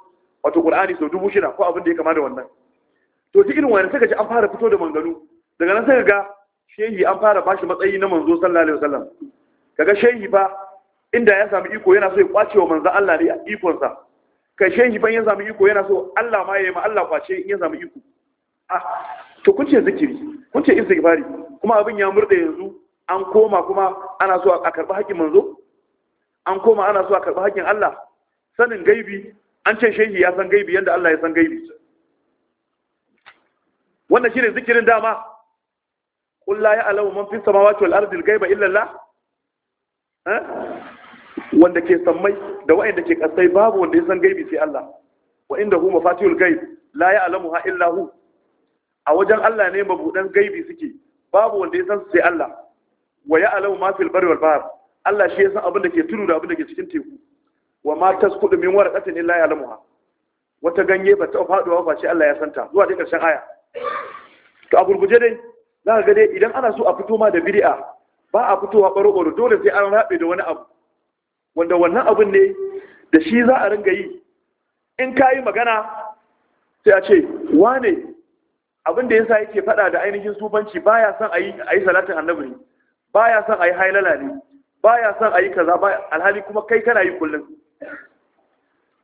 S2: wato ƙwar'ani sau dubu shida ko abin da ya kama da wannan to duk irin wani saka ji an fara fito da manganu daga nan sai ga shehi an fara bashi matsayi na manzo sallallahu alaihi wasallam kaga shehi ba inda ya samu iko yana so ya kwace wa manzo Allah ne ikonsa kai shi ban ya samu iko yana so Allah ma ya yi ma Allah kwace in ya samu iko ah to kun ce zikiri kun ce istighfari kuma abin ya murda yanzu an koma kuma ana so a karɓi haƙƙin manzo an koma ana so a karɓi haƙƙin Allah sanin gaibi an ce shehi ya san gaibi yadda Allah ya san gaibi wannan shine zikirin dama qul la ya'lamu man fis samawati wal ardi al-ghaiba illa Allah eh? wanda ke sammai da wa'anda ke kasai babu wanda ya san gaibi sai Allah wa inda hu mafatihul gaib la ha illa hu a wajen Allah ne mabudan gaibi suke babu wanda ya san sai Allah wa ya'lamu ma fil barri wal bahr Allah shi ya san abin da ke tudu da abin da ke cikin teku wa ma tasqudu min waraqatin illa ha? wata ganye ba ta faduwa ba shi Allah ya santa zuwa dai karshen aya to a gurguje dai za ka ga dai idan ana so a fito ma da bid'a ba a fitowa baro baro dole sai an rabe da wani abu wanda wannan abin ne da shi za a ringa yi in ka yi magana sai a ce wane abin da ya sa yake faɗa da ainihin sufanci ya son a yi salatin annabi ne ya son a yi hailala ne Ba ya son a yi kaza alhali kuma kai kana yi kullum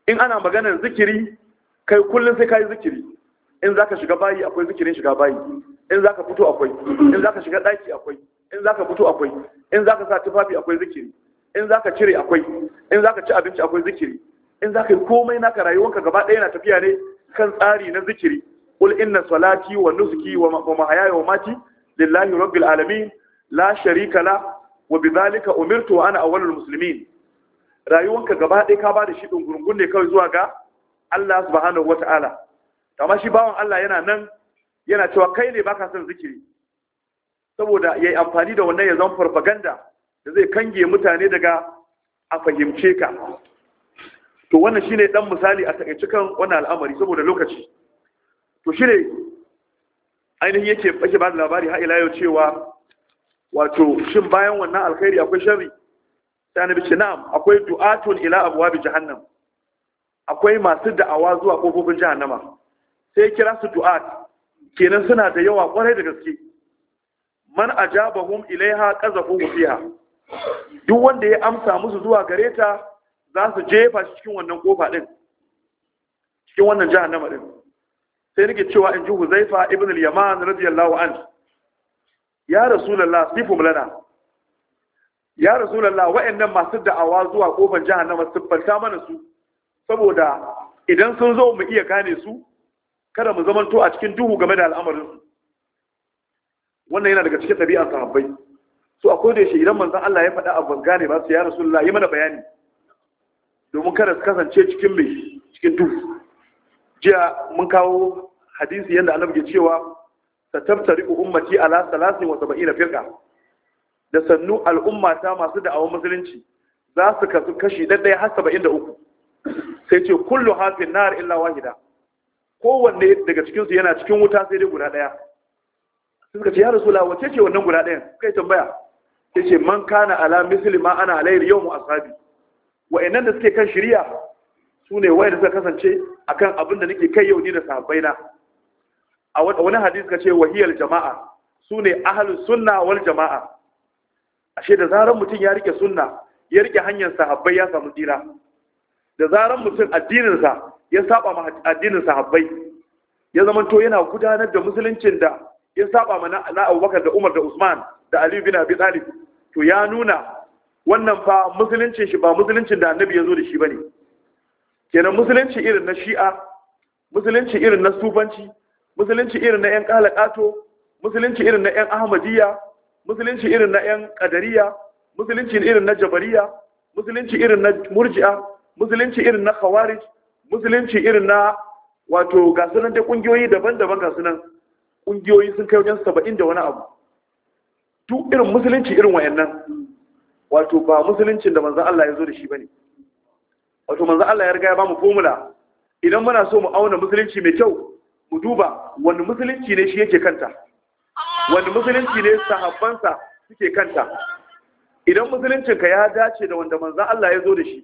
S2: in ana maganar zikiri kai kullum sai ka yi zikiri in za ka shiga bayi akwai zikirin shiga bayi in za ka fito akwai in za ka shiga ɗaki akwai in za ka fito akwai in za ka sa tufafi akwai zikiri in zaka cire akwai in zaka ci abinci akwai zikiri in zaka yi komai naka rayuwanka gaba ɗaya na tafiya ne kan tsari na zikiri qul inna salati wa nusuki wa mahayaya wa mati lillahi rabbil alamin la sharika la wa bidhalika umirtu wa ana awwalul muslimin rayuwanka gaba ɗaya ka ba da shi ɗungurungun ne kawai zuwa ga Allah subhanahu wa ta'ala amma shi bawon Allah yana nan yana cewa kai ne baka son zikiri saboda yayi amfani da wannan ya zama farfaganda da zai kange mutane daga a fahimce ka to wannan shine dan misali a takaice kan wannan al'amari saboda lokaci to shine ainihin yake yake ba da labari har ila yau cewa wato shin bayan wannan alkhairi akwai sharri sai annabi ce na'am akwai du'atun ila abwab jahannam akwai masu da'awa zuwa kofofin jahannama sai kira su du'at kenan suna da yawa kwarai da gaske man ajabahum ilaiha qazafu fiha duk wanda ya amsa musu zuwa gare ta za su jefa shi cikin wannan kofa din cikin wannan jahannama din sai nake cewa in ji Huzaifa ibn al-Yaman radiyallahu anhu ya rasulullah sifum mulana ya rasulullah wa'annan masu da'awa zuwa kofar jahannama siffanta mana su saboda idan sun zo mu iya gane su kada mu zamanto a cikin duhu game da al'amarin su wannan yana daga cikin ɗabi'ar sahabbai su a koda shi idan manzan Allah ya faɗa abu gane ba su ya rasu Allah yi mana bayani domin kada su kasance cikin mai cikin duhu jiya mun kawo hadisi yadda annabi ke cewa ta satabtari ummati ala salasin wa na firka da sannu al'ummata masu da'awar musulunci za su kasu kashi ɗaya har saba'in da uku sai ce kullu hafin nar illa wahida kowanne daga cikinsu yana cikin wuta sai dai guda ɗaya suka ce ya rasu lawa wace ce wannan guda ɗayan suka yi tambaya yace man kana ala misli ma ana yau yawmu ashabi wa'annan da suke kan shari'a sune da suka kasance akan abin da nake kai yau ni da sahabbaina a wani hadisi kace wahiyal jama'a sune ahlus sunna wal jama'a ashe da zaran mutum ya rike sunna ya rike hanyar sahabbai ya samu tsira da zaran mutum addinin ya saba ma addinin sahabbai ya zama to yana gudanar da musuluncin da ya saba ma na Abubakar da Umar da Usman da Ali bin Abi Talib to ya nuna wannan fa musuluncin shi ba musuluncin da annabi ya zo da shi bane kenan musulunci irin na Shi'a musulunci irin na Sufanci musulunci irin na ƴan Qalaqato musulunci irin na ƴan Ahmadiyya musulunci irin na ƴan Qadariyya musulunci irin na Jabariyya musulunci irin na Murji'a musulunci irin na Khawarij musulunci irin na wato gasunan da kungiyoyi daban-daban gasunan kungiyoyi sun kai wajen 70 da wani abu duk irin musulunci irin wayannan wato ba musuluncin da manzon Allah ya zo da shi bane wato manzon Allah ya riga ya bamu formula idan muna so mu auna musulunci mai kyau mu duba wani musulunci ne shi yake kanta wani musulunci ne sahabbansa suke kanta idan musuluncinka ya dace da wanda manzon Allah ya zo da shi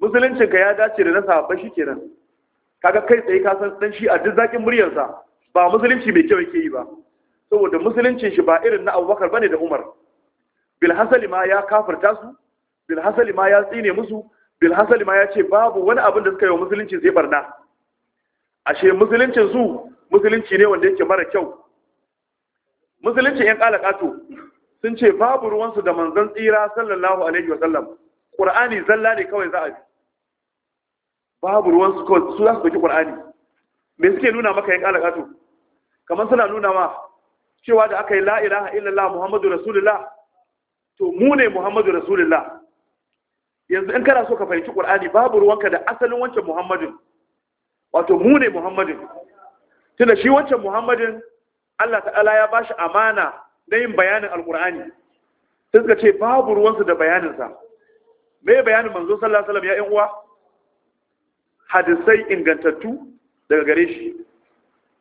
S2: musuluncinka ya dace da na sahabban shi kenan kaga kai tsaye ka san dan shi a duk zakin muryarsa ba musulunci mai kyau yake yi ba saboda musuluncin shi ba irin na abubakar bane da umar bilhassali ma ya kafarta su bilhassali ma ya tsine musu bilhassali ma ya ce babu wani abin da suka yi wa musulunci zai barna ashe musuluncin su musulunci ne wanda yake mara kyau musuluncin yan kala kato sun ce babu ruwansu da manzan tsira sallallahu alaihi wa sallam qur'ani zalla ne kawai za a bi babu ruwansu kawai su za su ɗauki qur'ani me suke nuna maka yan kala kato kamar suna nuna ma cewa da aka yi la’ira illallah muhammadu rasulullah to mu ne muhammadu rasulullah yanzu in kana so ka fahimci Ƙul’ani babu ruwanka da asalin wancan Muhammadu wato mu ne muhammadin tunda shi wancan Muhammadu Allah ta'ala ya ba shi amana na yin bayanin alqur'ani Sun ka ce babu ruwansu da bayaninsa me bayanin manzo sallallahu alaihi wasallam ya yan uwa hadisai ingantattu daga gare shi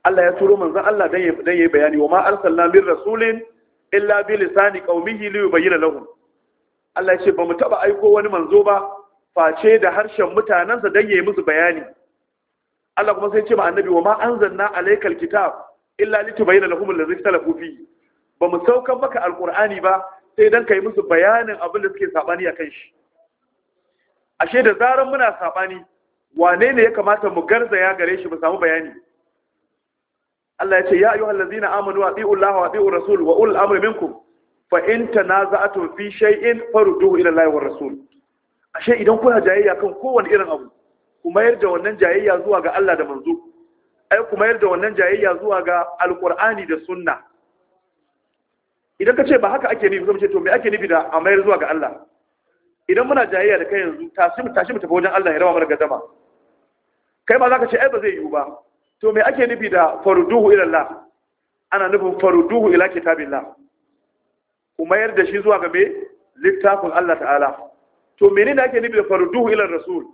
S2: Allah ya turo manzan Allah dan ya yi bayani wa ma arsalna rasulin illa bi lisani qaumihi liyu bayyana lahu. Allah ya ce ba mu taɓa aiko wani manzo ba face da harshen mutanensa dan yi musu bayani Allah kuma sai ce ma annabi wa zanna a alaykal kitab illa mun lazi allazi ikhtalafu ba mu saukan maka alƙur'ani ba sai don ka yi musu bayanin abin da suke saɓani a kan shi ashe da zarar muna saɓani, wane ne ya kamata mu garzaya gare shi mu samu bayani Allah ya ce ya ayyuhal ladzina amanu bi'u Allah wa bi'u rasul wa ul amri minkum fa in tanaza'tum fi shay'in farudduhu ila Allah wa rasul ashe idan kuna jayayya kan kowanne irin abu ku mayar da wannan jayayya zuwa ga Allah da manzo ai ku mayar da wannan jayayya zuwa ga alqur'ani da sunna idan ka ce ba haka ake nufi zama ce to me ake nufi da a zuwa ga Allah idan muna jayayya da kai yanzu tashi mu tashi mu tafi wajen Allah ya rawa mana gadama kai ba za ka ce ai ba zai yiwu ba to me ake nufi da farduhu ila Allah ana nufin farduhu ila kitabillah ku mayar da shi zuwa ga me littafin Allah ta'ala to menene ake nufi da farduhu ila rasul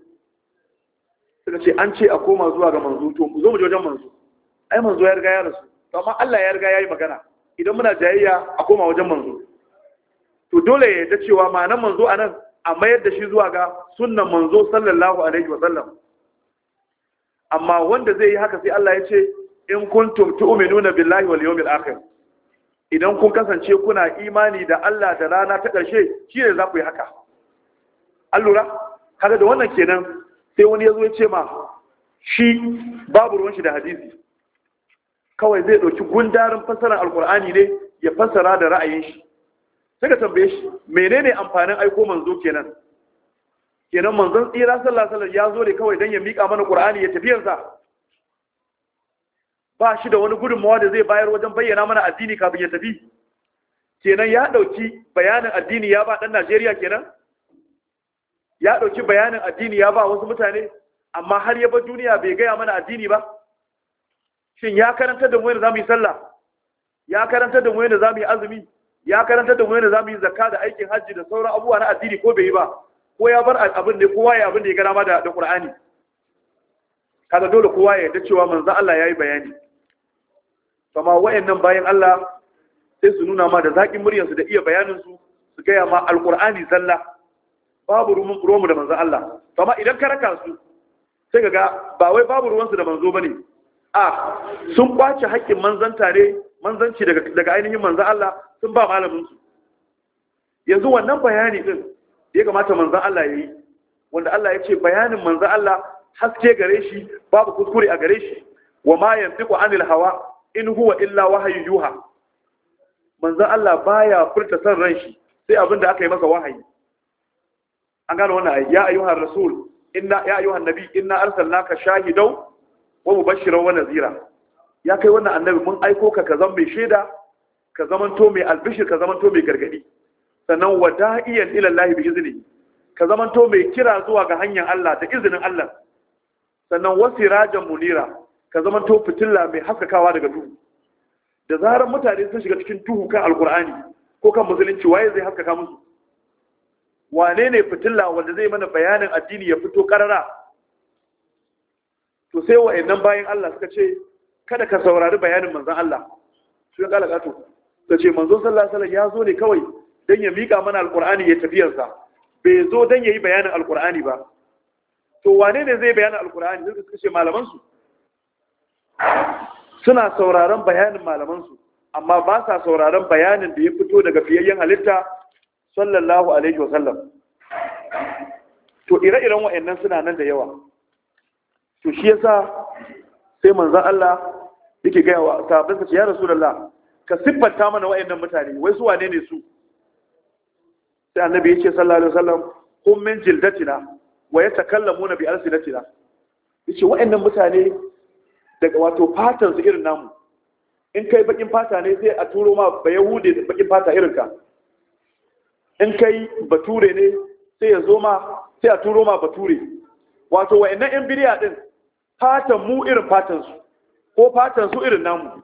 S2: sai ce an ce a koma zuwa ga manzo to mu zo mu je wajen manzo ai manzo ya riga ya rasu to amma Allah ya riga ya yi magana idan muna jayayya a koma wajen manzo to dole ya yarda cewa ma'anar manzo anan a mayar da shi zuwa ga sunnan manzo sallallahu alaihi wa sallam amma wanda zai yi haka sai Allah ya ce in kuntum tu'minuna billahi wal yawmil akhir idan kun kasance kuna imani da Allah da rana ta ƙarshe shi ne za ku yi haka allura kaga da wannan kenan sai wani ya zo ya ce ma shi babu ruwan shi da hadisi kawai zai ɗauki gundarin fassarar alkur'ani ne ya fassara da ra'ayin shi sai ka tambaye shi menene amfanin aiko manzo kenan kenan manzon tsira sallallahu alaihi ya zo ne kawai dan ya mika mana qur'ani ya tafiyarsa ba shi da wani gudunmawa da zai bayar wajen bayyana mana addini kafin ya tafi kenan ya dauki bayanin addini ya ba dan Najeriya kenan ya dauki bayanin addini ya ba wasu mutane amma har ya ba duniya bai gaya mana addini ba shin ya karanta da mu zamu yi sallah ya karanta da mu zamu yi azumi ya karanta da mu zamu yi zakka da aikin hajji da sauran abubuwa na addini ko bai yi ba ko ya bar abin da kowa ya abin da ya gana ma da ƙur'ani Kada dole kowa ya yadda cewa manzan Allah ya yi bayani Kama wayannan bayan Allah sai su nuna ma da zaƙin muryarsu da iya bayaninsu su gaya ma Alƙur'ani, zalla babu rumun da manzan Allah Kama idan ka raka su sai ga ba wai babu ruwansu da manzo ne. a sun ƙwace haƙƙin manzanta ne manzanci daga ainihin manzan Allah sun ba malaminsu. yanzu wannan bayani din ya kamata manzan Allah ya yi wanda Allah ya ce bayanin manzan Allah haske gare shi babu kuskure a gare shi wa ma yantiqu anil hawa in huwa illa wahyu yuha manzan Allah baya furta san ran shi sai abin da aka yi masa wahayi an gano wannan ya ayyuhar rasul inna ya ayyuhan nabi inna arsalnaka shahidan wa mubashiran wa nazira ya kai wannan annabi mun aiko ka ka zama mai shaida ka zamanto mai albishir ka zamanto mai gargadi sannan wata ila Allah bi izni ka zamanto mai kira zuwa ga hanyar Allah da izinin Allah sannan wasirajan munira ka zamanto fitilla mai haskakawa daga duhu da zarar mutane sun shiga cikin duhu kan alkur'ani ko kan musulunci waye zai haskaka musu wane ne fitilla wanda zai mana bayanin addini ya fito karara to sai wa'annan bayan Allah suka ce kada ka saurari bayanin manzon Allah sai ya kala to ta ce manzon sallallahu alaihi wasallam ya zo ne kawai don ya miƙa mana alƙur'ani ya tafiyarsa bai zo don ya yi bayanin alƙur'ani ba to wane ne zai bayanin alƙur'ani zai suka ce malamansu suna sauraron bayanin malamansu amma ba sa sauraron bayanin da ya fito daga fiyayyen halitta sallallahu alaihi wasallam to ire-iren wa'annan suna nan da yawa to shi yasa sai manzan Allah yake gaya wa sahabbansa ya rasulullah ka siffanta mana wa'annan mutane wai su wane ne su sai annabi ya ce sallallahu alaihi wasallam kun min jildatina wa yatakallamuna bi alsinatina yace wa'annan mutane daga wato fatan su irin namu in kai bakin fata ne sai a turo ma ba yahude da bakin fata irin ka in kai bature ne sai ya zo ma sai a turo ma bature wato wa'annan yan biriya din fatan mu irin fatan su ko fatan su irin namu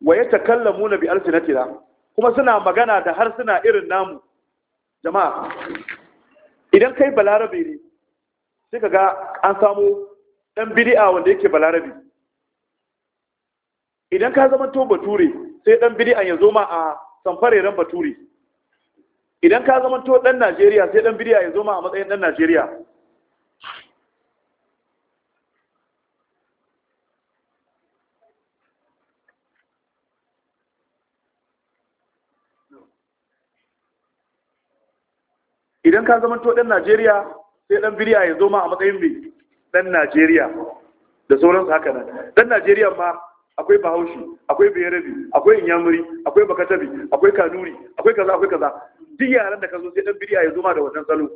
S2: wa yatakallamuna bi alsinatina kuma suna magana da harsuna irin namu jama'a idan kai balarabe ne sai ka ga an samu ɗan bidi'a wanda yake balarabe idan ka zama to bature sai ɗan bidi'a ya zo ma a samfareren bature idan ka zama to ɗan najeriya sai ɗan bidi'a ya zo ma a matsayin ɗan najeriya idan ka zama to ɗan najeriya sai ɗan biriya ya zo ma a matsayin mai ɗan najeriya da sauransu haka nan ɗan najeriya ma akwai bahaushe akwai bayarabe akwai inyamuri akwai bakatabi akwai kanuri akwai kaza akwai kaza duk yaran da ka zo sai ɗan biriya ya zo ma da wannan salo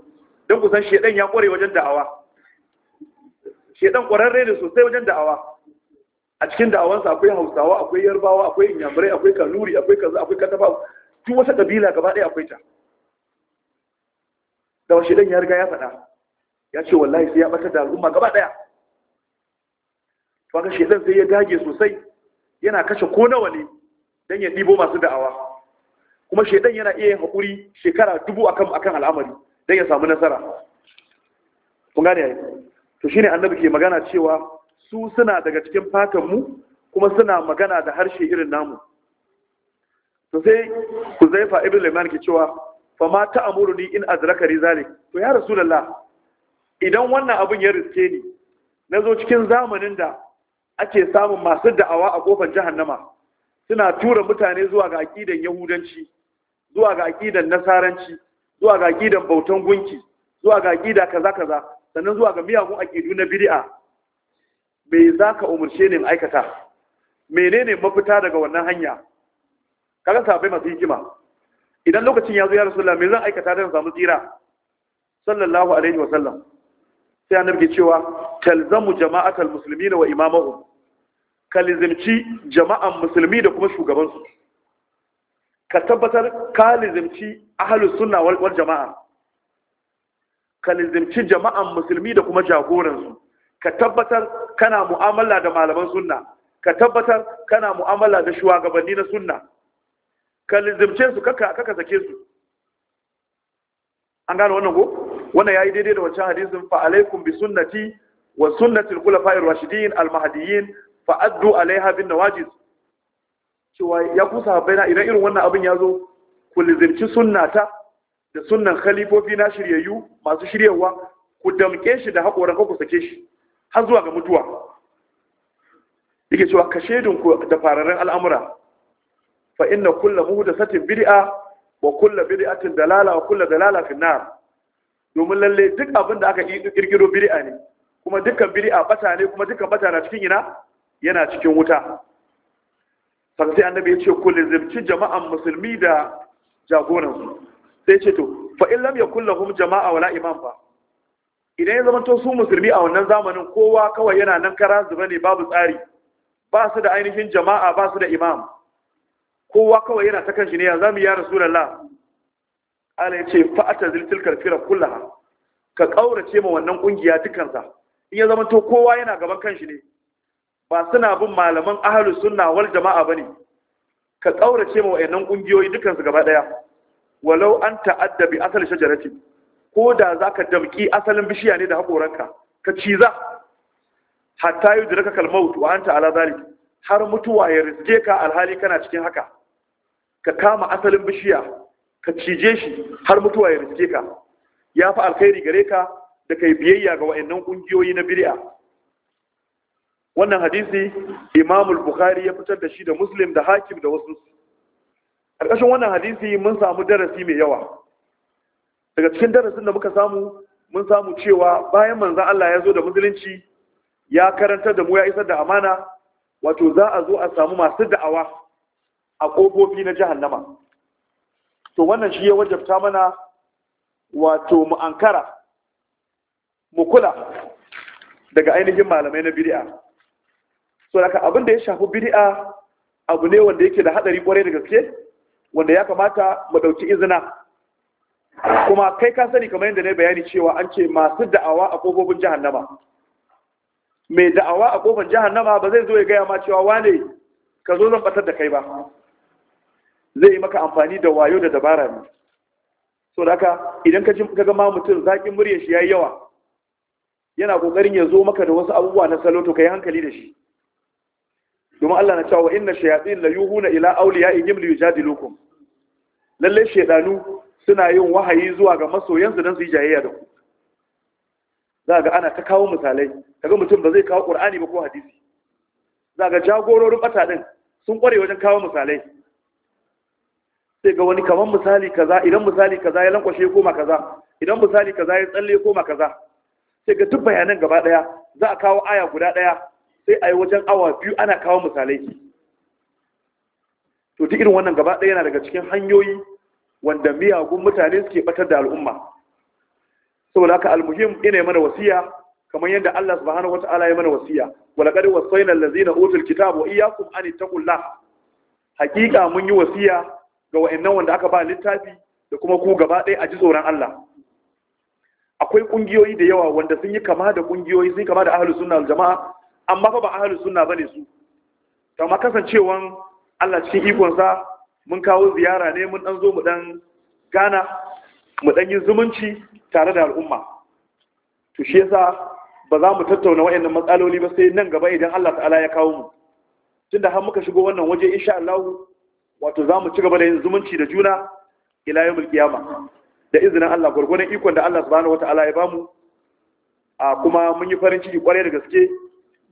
S2: don kusan shedan ya kware wajen da'awa shedan kwararre ne sosai wajen da'awa a cikin da'awansa akwai hausawa akwai yarbawa akwai inyamurai akwai kanuri akwai kaza akwai katafa duk wata kabila gaba ɗaya akwai ta da shi ya riga ya faɗa ya ce wallahi sai ya ɓata da al'umma gaba ɗaya. to ga shi sai ya dage sosai yana kashe ko nawa ne dan ya dibo masu da'awa kuma shedan yana iya yin hakuri shekara dubu akan akan al'amari dan ya samu nasara kun gane ai to shine annabi ke magana cewa su suna daga cikin fatan mu kuma suna magana da harshe irin namu to sai Huzaifa ibn Liman ke cewa fa ma ni in azrakari zalik to ya rasulullah idan wannan abun ya riske ni na zo cikin zamanin da ake samun masu da'awa a kofar jahannama suna tura mutane zuwa ga aqidan yahudanci zuwa ga aqidan nasaranci zuwa ga aqidan bautan gunki zuwa ga aqida kaza kaza sannan zuwa ga miyagun aqidu na bid'a me za umurce ni in aikata menene mafita daga wannan hanya kaga sabai masu hikima idan lokacin ya zo ya rasulullah me zan aikata don samu tsira sallallahu alaihi wa sallam sai annabi ke cewa talzamu jama'atal muslimina wa imamahum kalizimci jama'an musulmi da kuma shugabansu ka tabbatar kalizimci ahlus sunna wal jama'a kalizimci jama'an musulmi da kuma jagoransu ka tabbatar kana mu'amala da malaman sunna ka tabbatar kana mu'amala da shugabanni na sunna kalizimce su kaka kaka sake su an gane wannan ko wannan yayi daidai da wancan hadisin fa alaikum bi sunnati wa sunnati al-khulafa'i ar-rashidin al-mahdiyyin fa addu alaiha bin nawajiz cewa ya ku sahabbai na idan irin wannan abin ya zo ku lizimci sunnata da sunnan khalifofi na shiryayyu masu shiryawa ku damke shi da haƙoran ku sake shi har zuwa ga mutuwa yake cewa ka shaidun ku da fararen al'amura fa inna kullu muhdathatin bid'a wa kullu bid'atin dalala wa kullu dalala fi nar domin lalle duk abin da aka kirkiro bid'a ne kuma dukkan bid'a bata ne kuma dukkan bata na cikin ina yana cikin wuta saka sai annabi ya ce kullu zibci jama'an musulmi da jagoran su sai ce to fa in lam yakul lahum jama'a wala imam fa idan ya zamanto su musulmi a wannan zamanin kowa kawai yana nan kara zuba ne babu tsari ba su da ainihin jama'a ba su da imam kowa kawai yana ta kanshi ne ya zamu ya rasulullah ala yace fa atazil tilkal fira kullaha ka kaurace ma wannan kungiya dukansa in ya zama to kowa yana gaban kanshi ne ba suna bin malaman ahlus sunna wal jama'a bane ka kaurace ma wayannan kungiyoyi su gaba ɗaya. walau an ta'adda bi asal shajarati ko da zaka damki asalin bishiya ne da hakoranka ka ciza hatta yudraka kalmaut wa anta ala zalik har mutuwa ya riske ka alhali kana cikin haka ka kama asalin bishiya ka cije shi har mutuwa ya riske ka ya fi alkhairi gare ka da kai biyayya ga wa'annan ƙungiyoyi na bid'a wannan hadisi imamul bukhari ya fitar da shi da muslim da hakim da wasu ƙarƙashin wannan hadisi mun samu darasi mai yawa daga cikin darasin da muka samu mun samu cewa bayan manzan Allah ya zo da musulunci ya karantar da mu ya isar da amana wato za a zo a samu masu da'awa a ƙofofi na jahannama to wannan shi ya wajabta mana wato mu ankara mu kula daga ainihin malamai na bid'a so daga abin da ya shafi bid'a abu ne wanda yake da hadari kwarai da gaske wanda ya kamata mu ɗauki izina kuma kai ka sani kamar yadda na bayani cewa an ce masu da'awa a kofofin jahannama mai da'awa a kofar jahannama ba zai zo ya gaya ma cewa wane ka zo zan batar da kai ba zai yi maka amfani da wayo da dabara ne so da idan ka ji ma mutum zaƙin muryar shi ya yi yawa yana ƙoƙarin ya zo maka da wasu abubuwa na salo to ka yi hankali da shi domin Allah na cewa inna shayatin la na ila awliyaihim li yujadilukum lalle shedanu suna yin wahayi zuwa ga masoyansu dan su yi jayayya da ku za ga ana ta kawo misalai kaga mutum ba zai kawo ƙur'ani ba ko hadisi za ga jagororin bata din sun kware wajen kawo misalai sai ga wani kamar misali kaza idan misali kaza ya lankwashe koma kaza idan misali kaza ya tsalle koma kaza sai ga duk bayanan gaba daya za a kawo aya guda daya sai a yi wajen awa biyu ana kawo misalai to duk irin wannan gaba daya yana daga cikin hanyoyi wanda miyagun mutane suke batar da al'umma saboda haka almuhim ina mana wasiya kamar yadda Allah subhanahu wataala ya mana wasiya wala qad wasayna allazina utul kitaba wa iyyakum an taqullah haqiqa mun yi wasiya ga wa'annan wanda aka ba littafi da kuma ku gaba ɗaya a ji tsoron Allah akwai ƙungiyoyi da yawa wanda sun yi kama da ƙungiyoyi sun yi kama da ahlus sunna jama'a amma fa ba ahlus sunna bane su to amma kasancewan Allah cikin ikon sa mun kawo ziyara ne mun dan zo mu dan gana mu dan yi zumunci tare da al'umma to shi yasa ba za mu tattauna wayannan matsaloli ba sai nan gaba idan Allah ta'ala ya kawo mu tunda har muka shigo wannan waje insha Allah wato za mu ci gaba da yin zumunci da juna ila yau mulkiyama. da izinin Allah gurgurun ikon da Allah subhanahu wataala ya bamu a kuma mun yi farin ciki kwarai da gaske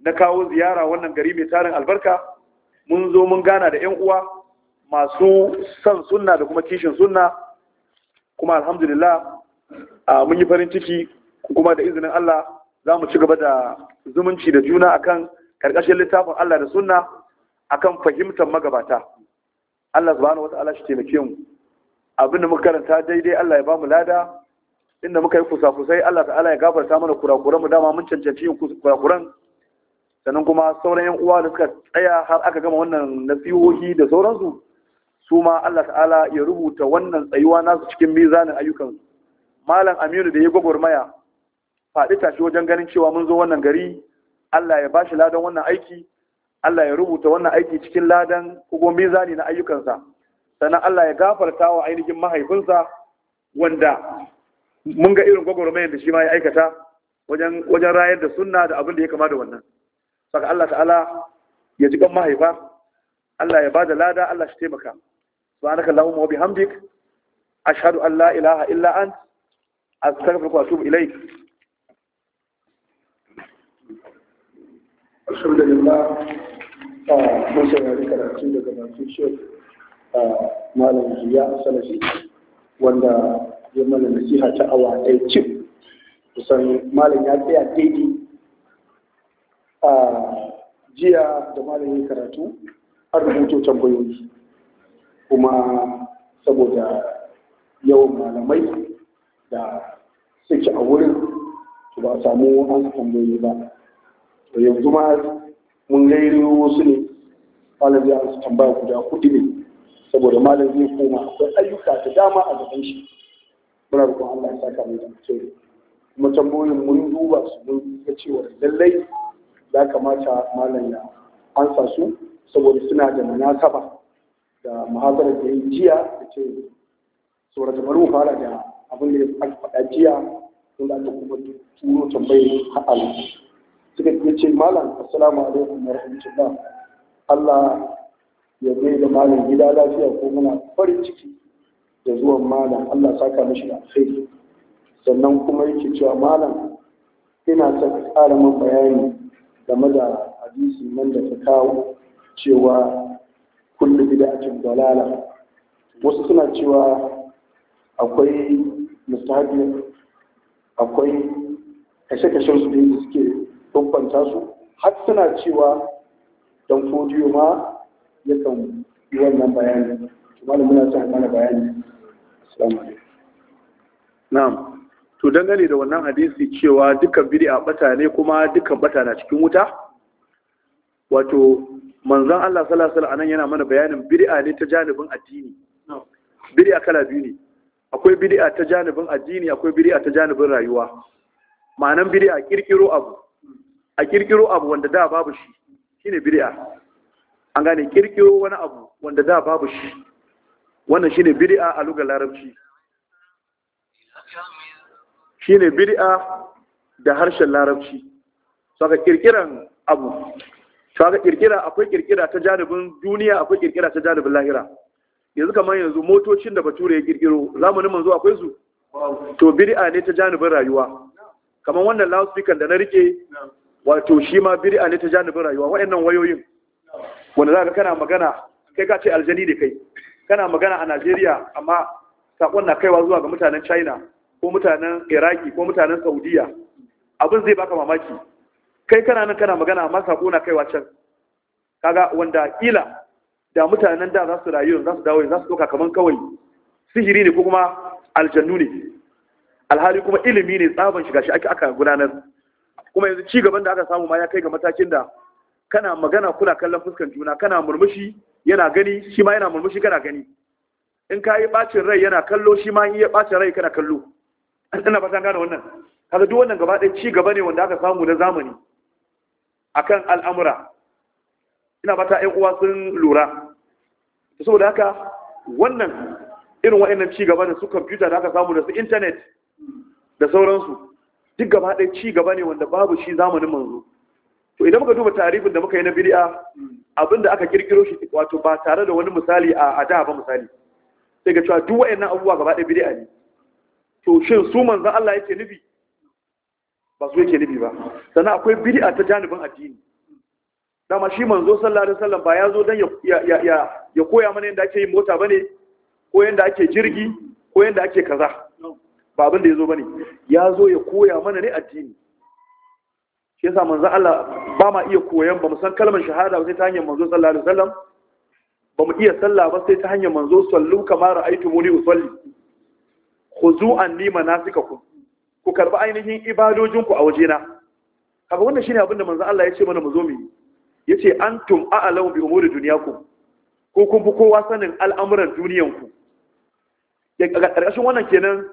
S2: na kawo ziyara wannan gari mai tarin albarka mun zo mun gana da ƴan uwa masu son sunna da kuma kishin sunna kuma alhamdulillah mun yi farin ciki kuma da izinin Allah za mu ci gaba da zumunci da juna akan karkashin littafin Allah da sunna akan fahimtar magabata Allah subhanahu wata'ala shi taimake mu abinda muka karanta daidai Allah ya bamu lada inda muka yi kusa-kusai Allah ta'ala ya gafarta mana kurakuran mu dama mun cancanci yin kurakuran sannan kuma sauran yan uwa da suka tsaya har aka gama wannan nasihohi da sauransu su ma Allah ta'ala ya rubuta wannan tsayuwa nasu cikin mizanin ayyukan malam Aminu da ya gwagwarmaya faɗi tashi wajen ganin cewa mun zo wannan gari Allah ya bashi ladan wannan aiki Allah ya rubuta wannan aiki cikin ladan ko mizani na ayyukansa sannan Allah ya gafarta wa ainihin mahaifinsa wanda mun ga irin gwagwarmayar da shi ma ya aikata wajen rayar da sunna da abin da ya kama da wannan saka Allah ta'ala ya ji ban mahaifa Allah ya ba da lada Allah shi taimaka subhanaka allahumma wa bihamdik ashhadu an la ilaha illa ant astaghfiruka wa atubu ilaik
S1: alhamdulillah a da karatu daga bakin shek a malam jiya salafi wanda ya mana nasiha ta awa ɗaya cin kusan malam ya tsaya daidai a jiya da malam karatu har rubuto tambayoyi kuma saboda yawan malamai da suke a wurin ba samu an tambayoyi ba yanzu ma mun gairo wasu ne malam an su tambaya guda hudu ne saboda malam zai koma akwai ayyuka da dama a gaban shi muna rukun Allah ya saka mu da kuma tambayoyin mun duba su mun ga cewa lallai ya kamata malam ya ansa su saboda suna da munasaba da muhazarar da ya yi jiya da ce saboda mu fara da abin da ya faɗa jiya inda aka kuma turo tambayoyin ha'ala ya ce malam assalamu alaikum wa rahmatullah Allah ya bai da malam gida lafiya ko muna farin ciki da zuwan malam Allah saka mishi da alkhairi sannan kuma yake cewa malam ina ta tsara ƙara min bayani game da hadisi nan da ta kawo cewa kullu bid'atin dalala wasu suna cewa akwai mustahabi akwai kashe-kashen su da suke bambanta kwanta su har suna cewa don fodiyo ma yakan yi wannan bayani malam muna son mana bayani assalamu
S2: alaikum na'am to dangane da wannan hadisi cewa dukkan bid'a bata ne kuma dukkan bata na cikin wuta wato manzon Allah sallallahu alaihi wasallam yana mana bayanin bid'a ne ta janibin addini bid'a kala biyu ne akwai bid'a ta janibin addini akwai bid'a ta janibin rayuwa ma'anan bid'a kirkiro abu a kirkiro abu wanda da babu shi shine bid'a an gane kirkiro wani abu wanda da babu shi wannan shine bid'a a lugar larabci shine bid'a da harshen larabci saka kirkiran abu saka kirkira akwai kirkira ta janibin duniya akwai kirkira ta janibin lahira yanzu kamar yanzu motocin da bature ya kirkiro zamanin manzo akwai su to bid'a ne ta janibin rayuwa kamar wannan loudspeaker da na rike wato shi ma biri'a ne ta janibin rayuwa waɗannan wayoyin wanda za ka kana magana kai ka ce aljani da kai kana magana a Najeriya amma saƙon na kaiwa zuwa ga mutanen China ko mutanen Iraki ko mutanen Saudiya abin zai baka mamaki kai kana nan kana magana amma saƙo na kaiwa can kaga wanda kila da mutanen da za su rayu za su dawo za su doka kamar kawai sihiri ne ko kuma aljannu ne alhali kuma ilimi ne tsaban shiga shi ake aka gudanar kuma yanzu ci gaban da aka samu ma ya kai ga matakin da kana magana kuna kallon fuskan juna kana murmushi yana gani shi ma yana murmushi kana gani in ka yi bacin rai yana kallo shi ma iya bacin rai kana kallo ana fatan gane wannan kaga duk wannan gaba ɗaya ci gaba ne wanda aka samu na zamani akan al'amura ina bata ƴan uwa sun lura saboda haka wannan irin wa'annan ci gaba da su kwamfuta da aka samu da su intanet da sauransu duk gaba ɗaya ci gaba ne wanda babu shi zamanin manzo to idan muka duba tarihin da muka yi na bid'a abinda aka kirkiro shi wato ba tare da wani misali a ada ba misali sai ga cewa duk wayannan abubuwa gaba ɗaya bid'a ne to shin su manzon Allah yake nufi ba su yake nufi ba sannan akwai bid'a ta janibin addini dama shi manzo sallallahu alaihi wasallam ba ya zo dan ya ya ya koya mana yadda ake yin mota bane ko yadda ake jirgi ko yanda ake kaza ba abin da ya zo ba ne ya zo ya koya mana ne addini shi yasa manzo Allah ba ma iya koyan ba mu kalmar shahada ba sai ta hanyar manzo sallallahu alaihi wasallam ba mu iya sallah ba sai ta hanyar manzo sallu kama muni usalli khuzu anni manasikakum ku karba ainihin ibadojin ku a wajena kaga wannan shine abin da manzo Allah ya ce mana mu zo mu yi yace antum a'lamu bi umuri dunyakum ko kun fi kowa sanin al'amuran duniyanku a ƙarƙashin wannan kenan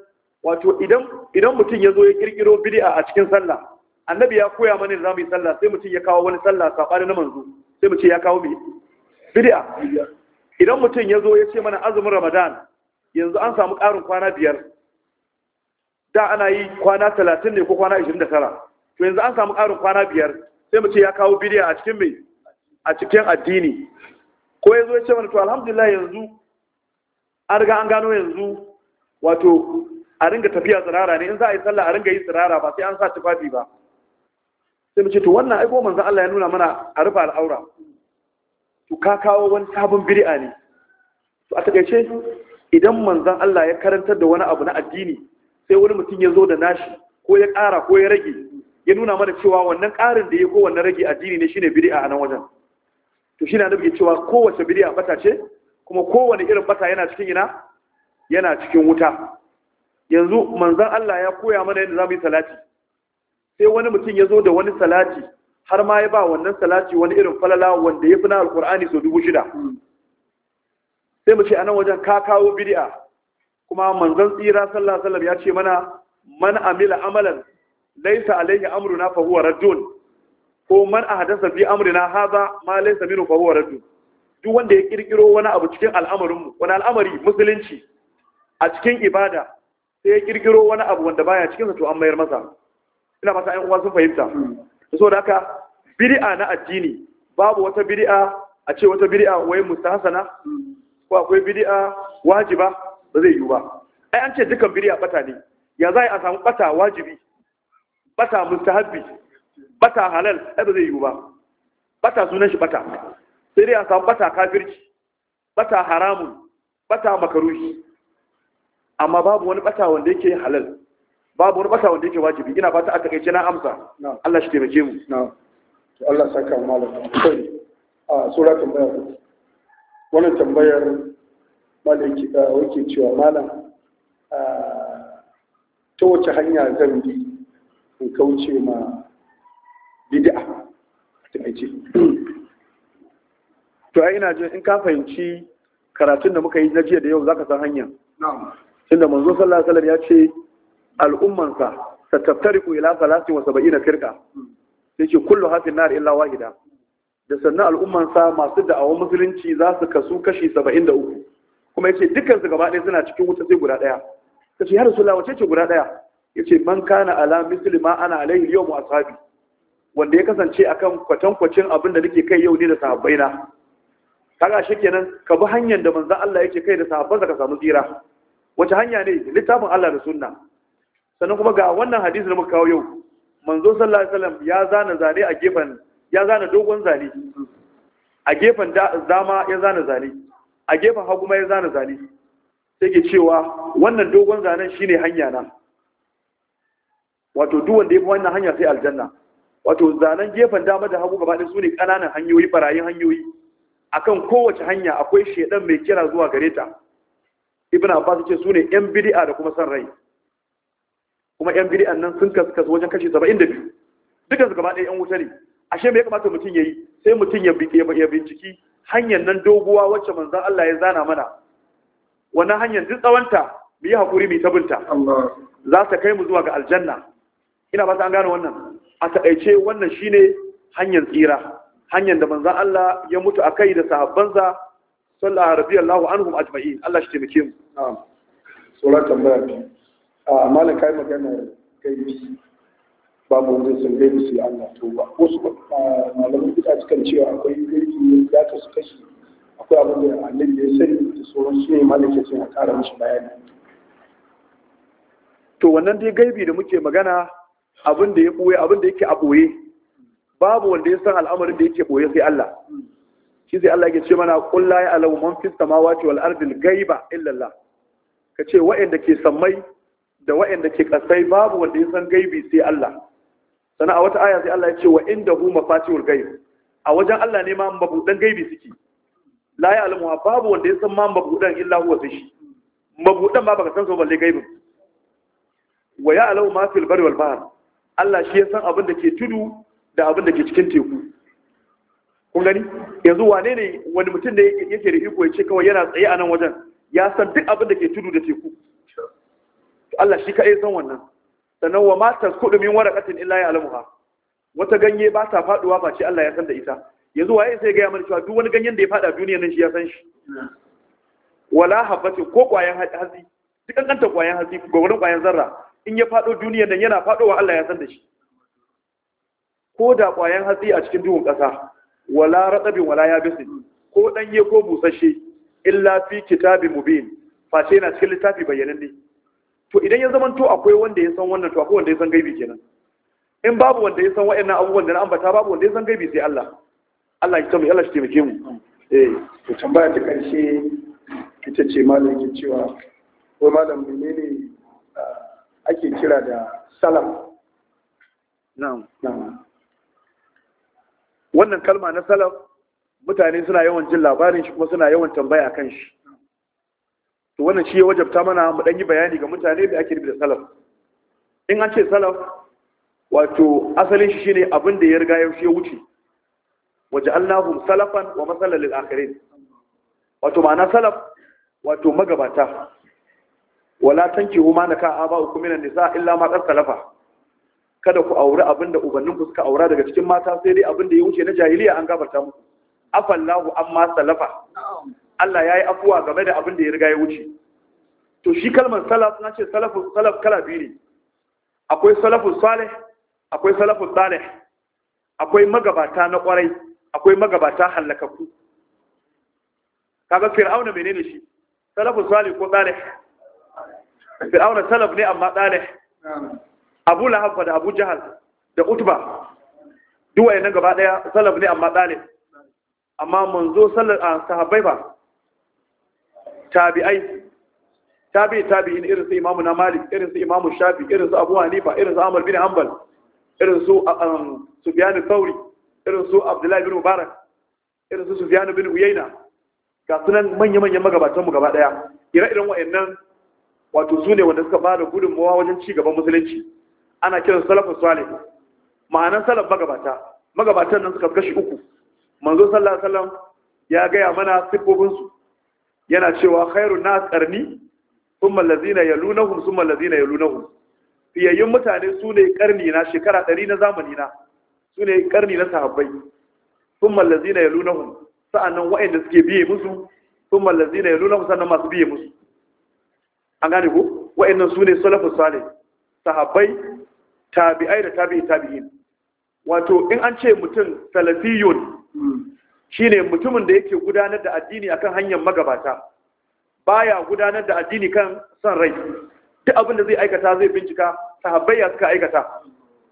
S2: wato idan mutum ya zo ya kirkiro bid'a a cikin sallah annabi ya koya mana da zamu yi sallah sai mutum ya kawo wani sallah sabani na manzo sai mu ce ya kawo me bid'a idan mutum ya zo ya ce mana azumin ramadan yanzu an samu ƙarin kwana biyar da ana yi kwana talatin ne ko kwana ishirin da tara to yanzu an samu ƙarin kwana biyar sai mu ce ya kawo bid'a a cikin mai a cikin addini ko ya zo ya ce mana to alhamdulillah yanzu an riga an gano yanzu wato a ringa tafiya tsirara ne in za a yi sallah a ringa yi tsirara ba sai an sa tufafi ba sai mu ce to wannan aiko manzan Allah ya nuna mana a rufe al'aura to ka kawo wani sabon bid'a ne to a takaice idan manzon Allah ya karantar da wani abu na addini sai wani mutum ya zo da nashi ko ya ƙara ko ya rage ya nuna mana cewa wannan ƙarin da ya ko wannan rage addini ne shine bid'a a nan wajen to shine annabi ke cewa kowace bid'a bata ce kuma kowane irin bata yana cikin ina yana cikin wuta yanzu manzan Allah ya koya mana yadda za mu yi salati sai wani mutum ya zo da wani salati har ma ya ba wannan salati wani irin falala wanda ya fi na alkur'ani sau dubu shida sai mu ce a nan wajen ka kawo bidi'a. kuma manzan tsira sallah alaihi ya ce mana man amila amalan laisa alaihi amruna fa huwa raddun ko man ahdasa fi amrina hadha ma laisa minhu fa huwa duk wanda ya kirkiro wani abu cikin al'amarin mu wani al'amari musulunci a cikin ibada sai ya kirkiro wani abu wanda baya cikin to an mayar masa ina fata 'yan uwa sun fahimta hmm. so da haka bid'a na addini babu wata bid'a a ce wata bid'a wai mustahsana hmm. ko akwai bid'a wajiba ba zai yiwu ba ai an ce dukan bid'a bata ne ya zai a samu bata wajibi bata mustahabbi bata halal ai ba zai yiwu ba bata sunan shi bata sai dai a samu bata kafirci bata haramun bata makaruhi amma babu wani bata wanda yake halal babu wani bata wanda yake wajibi ina ta a takaice na amsa Allah shi taimake mu
S1: na'am Allah saka mu malam sai a sura tambaya ku wannan tambayar malam ki da wake cewa malam ta wace hanya zan bi in kauce ma
S2: bid'a a takaice to ai ina jin in ka fahimci karatun da muka yi na jiya da yau zaka san hanya na'am inda manzo sallallahu alaihi wasallam ya ce al'ummansa sataftariqu ila sab'ina firqa yace kullu hafin nar illa wahida da sannan al'ummansa masu da'awar musulunci za su kasu kashi 73 kuma yace dukkan su gaba ɗaya suna cikin wuta sai guda ɗaya kace ya rasulullah wace ce guda ɗaya yace man kana ala muslima ana alaihi yawm ashabi wanda ya kasance akan kwatankwacin abin da nake kai yau ne da sahabbaina kaga kenan ka bi hanyar da manzo Allah yake kai da sahabbansa ka samu tsira wace hanya ne littafin Allah da sunna sannan kuma ga wannan hadisi da muka kawo yau manzo sallallahu alaihi wasallam ya zana zane a gefen ya zana dogon zane a gefen dama ya zana zane a gefen hagu ma ya zana zane sai ke cewa wannan dogon zanen shine hanya na wato duk wanda ya bi wannan hanya sai aljanna wato zanen gefen dama da hagu gaba ɗaya su ne ƙananan hanyoyi barayin hanyoyi akan kowace hanya akwai shedan mai kira zuwa gare ta ibn abbas ce sune yan bid'a da kuma san rai kuma yan bid'an nan sun kasu wajen kashi 72 dukansu gaba ɗaya yan wuta ne ashe me ya kamata mutum ya yi sai mutum ya binciki hanyar nan doguwa wacce manzan Allah ya zana mana wannan hanyar duk tsawonta mu yi haƙuri mai tabinta za ta kai mu zuwa ga aljanna ina ba ta an gane wannan a taƙaice wannan shine hanyar tsira hanyar da manzan Allah ya mutu a kai da sahabbansa sallah radiyallahu anhum ajma'in Allah shi taimake mu na'am tsoron tambaya
S1: a malam kai magana gaibi babu wanda sun gaibi su Allah to ba su malamin kuka cikin cewa akwai gaibi ya ta su kashi akwai abin
S2: da annabi ya sani da sauran su ne malam ke cewa ƙara mishi bayani to wannan dai gaibi da muke magana abin da ya ɓoye abin da yake a ɓoye babu wanda ya san al'amarin da yake ɓoye sai Allah shi sai Allah ya ce mana qul la ya'lamu man fi samawati wal ardi al ghaiba illa Allah kace wa'anda ke sammai da wa'inda ke kasai babu wanda ya san gaibi sai Allah sana a wata aya sai Allah ya ce wa indahu mafatihul ghaib a wajen Allah ne ma mabudan gaibi suke la ya'lamu babu wanda ya san ma mabudan illa huwa sai shi mabudan ma baka san so balle gaibin wa ya'lamu ma fil barri wal bahr Allah shi ya san abin da ke tudu da abin da ke cikin teku kun gani yanzu wane ne wani mutum da yake da iko ya ce kawai yana tsaye a nan wajen ya san duk abin da ke tudu da teku Allah shi kaɗai san wannan sannan wa ma taskudu min warakatin illa alamuha wata ganye ba ta faduwa ba ce Allah ya san da ita yanzu waye sai ga ya mana cewa duk wani ganyen da ya fada duniyar nan shi ya san shi wala habbatin ko kwayan hatsi duk kankanta kwayan hatsi gwagwarin kwayan zarra in ya fado duniyar nan yana fadowa Allah ya san da shi ko da kwayan hatsi a cikin duhun ƙasa wala ratabin wala ya yabisin ko ɗanye ko busashe illa fi kitabi mubin face na cikin littafi ne. to idan ya zama to akwai wanda ya san wannan to akwai wanda ya san gaibi kenan in babu wanda ya san wa'annan abubuwan da na ambata babu wanda ya san gaibi sai Allah Allah ya tabbata Allah shi taimake mu eh to tambaya ta karshe ita ce malam yake cewa ko malam menene ah, ake kira da salam na'am na'am wannan kalma na salaf mutane suna yawan jin labarin shi kuma suna yawan tambaya kan shi to wannan shi ya wajabta mana mu dan yi bayani ga mutane da ake da salaf in an ce salaf wato asalin shi shine abin da ya riga ya ya wuce waje waja'alnahum salafan wa masalan lil akhirin wato ma'ana salaf wato magabata wala tankihu ma naka aba'ukum minan nisa illa ma qad salafa kada ku aure abin da ubanninku suka aura daga cikin mata sai dai abin da ya wuce na jahiliya an gafarta muku afallahu amma salafa Allah ya yi afuwa game da abin da ya riga ya wuce to shi kalmar salaf na ce salafu salaf kala biyu ne akwai Salafu salih akwai Salafu salih akwai magabata na kwarai akwai magabata halakaku. kaga fir'auna menene shi Salafu salih ko salih fir'auna salaf ne amma salih abu lahab da abu Jihar da utuba duk wayannan gaba daya salaf ne amma dalib amma manzo sallar sahabbai ba tabi'ai tabi'i tabi'in irin su imamu na malik irin su imamu shafi irin su abu hanifa irin su amal bin hanbal irin su um, sauri irinsu irin su abdullahi bin mubarak irin su bin uyayna ga sunan manya manyan magabatan mu gaba daya ire iren wa'annan wato su ne wanda suka ba da gudunmawa wajen ci gaban musulunci ana kiran salafin salih ma'anan salaf magabata magabatan nan suka kashi uku manzo sallallahu alaihi wasallam ya gaya mana sifofin su yana cewa khairun nas qarni thumma allazina yalunahum thumma allazina yalunahum fiyayyun mutane su ne karni na shekara 100 na zamani na su ne karni na sahabbai thumma allazina yalunahum sa'annan wa'anda suke biye musu thumma allazina yalunahum sa'annan masu biye musu an gane ko wa'annan su ne salafus salih sahabbai tabi'ai da tabi'i tabi'in wato in an ce mutum salafiyun shine mutumin da yake gudanar da addini akan hanyar magabata baya gudanar da addini kan san rai duk abin da zai aikata zai bincika sahabbai suka aikata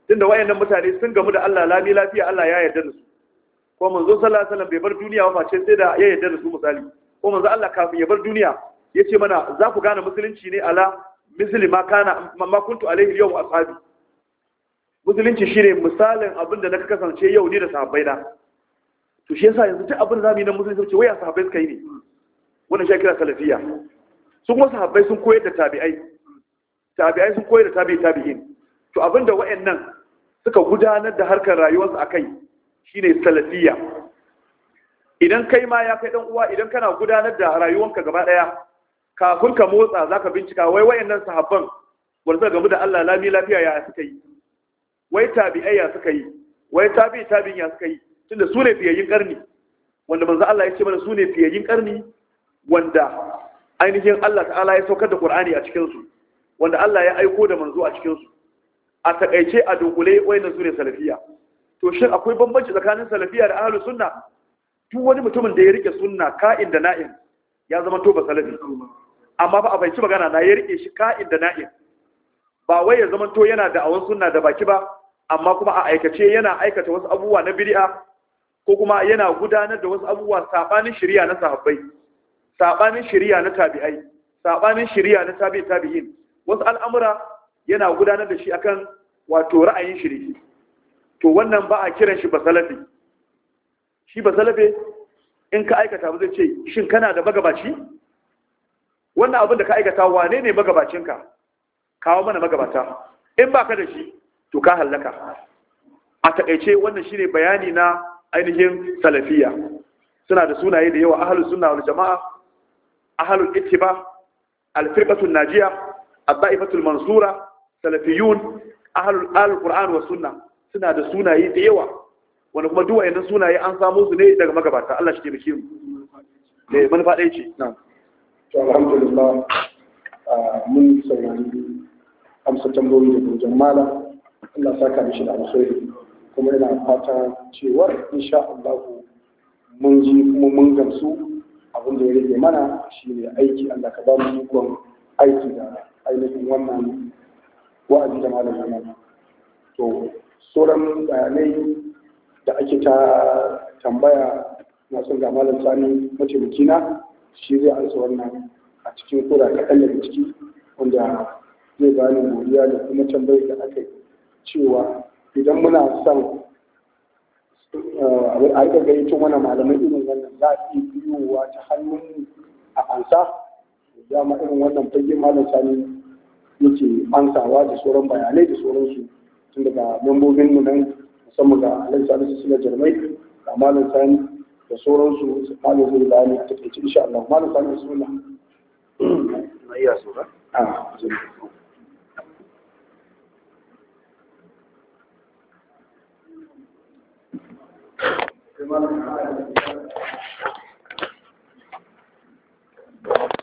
S2: tunda wayannan mutane sun gamu da Allah lami lafiya Allah ya yarda da su ko manzo sallallahu alaihi wasallam bai bar duniya ba face sai da ya yarda da su misali ko manzo Allah kafin ya bar duniya yace mana za ku gane musulunci ne ala muslima kana ma kuntu alaihi yawm ashabi musulunci shine misalin abin da na kasance yau ni da sahabbai na to shi yasa yanzu ce abin da zamu yi na musulunci ce waya sahabbai suka yi ne wannan shi kira salafiya su kuma sahabbai sun koyar da tabi'ai tabi'ai sun koyar da tabi'i tabi'in to abin da wayannan suka gudanar da harkar rayuwarsu akai shine salafiya idan kai ma ya kai dan uwa idan kana gudanar da rayuwarka gaba daya kafin ka motsa zaka bincika wai wayannan sahabban wanda suka gamu da Allah lami lafiya ya suka yi wai tabi'ai ya suka yi wai tabi tabi'in ya suka yi tunda su ne fiyayyin karni wanda manzo Allah ya ce mana su ne fiyayyin karni wanda ainihin Allah ta'ala ya saukar da Qur'ani a cikin su wanda Allah ya aiko da manzo a cikin su a takaice a dukule wayannan su ne salafiya to shin akwai bambanci tsakanin salafiya da ahlus sunna duk wani mutumin da ya rike sunna ka'in da na'in ya zama to ba salafi amma ba a fahimci magana na ya rike shi ka'in da na'in ba wai ya to yana da awon sunna da baki ba amma kuma a aikace yana aikata wasu abubuwa na bid'a ko kuma yana gudanar da wasu abubuwa sabanin shari'a na sahabbai sabanin shari'a na tabi'ai sabanin shari'a na tabi tabi'in wasu al'amura yana gudanar da shi akan wato ra'ayin shiri to wannan ba a kiran shi basalafi shi basalafe in ka aikata ba zai ce shin kana da magabaci wannan abin da ka aikata wane ne magabacinka kawo mana magabata in ba ka da shi to ka hallaka a takaice wannan shine bayani na ainihin salafiya suna da sunaye da yawa ahlus sunna wal jamaa ahlul ittiba al najiya al-da'ifatul mansura salafiyun ahlul al-qur'an sunna suna da sunaye da yawa Wani kuma duwa wayannan sunaye an samu su ne daga magabata Allah shi biki mu eh manufa ɗaya ce na'am to alhamdulillah ah,
S1: mun saurari amsa tambayoyi daga wajen malam Allah saka mishi da alkhairi kuma yana fata cewar insha Allah mun ji kuma mun gamsu abin da ya rage mana shine aiki Allah ka ba mu ikon aiki da ainihin wannan wa'azi da malam yana to sauran bayanai da ake ta tambaya na son ga malam sani na shi zai ansa wannan a cikin kura kaɗan daga ciki wanda zai bani moriya da kuma tambayi da aka yi cewa idan muna son eh, a yi rika tun wani malamai irin wannan za a iya biyowa ta hannun a ansa dama irin wannan fage malam sani yake ansawa da sauran bayanai da sauransu tun daga membobin mu nan musamman ga alhaji su suna jarmai ga malam sani da sauransu su malam zai bayani a takaice insha Allah malam sani suna.
S3: sai malam ya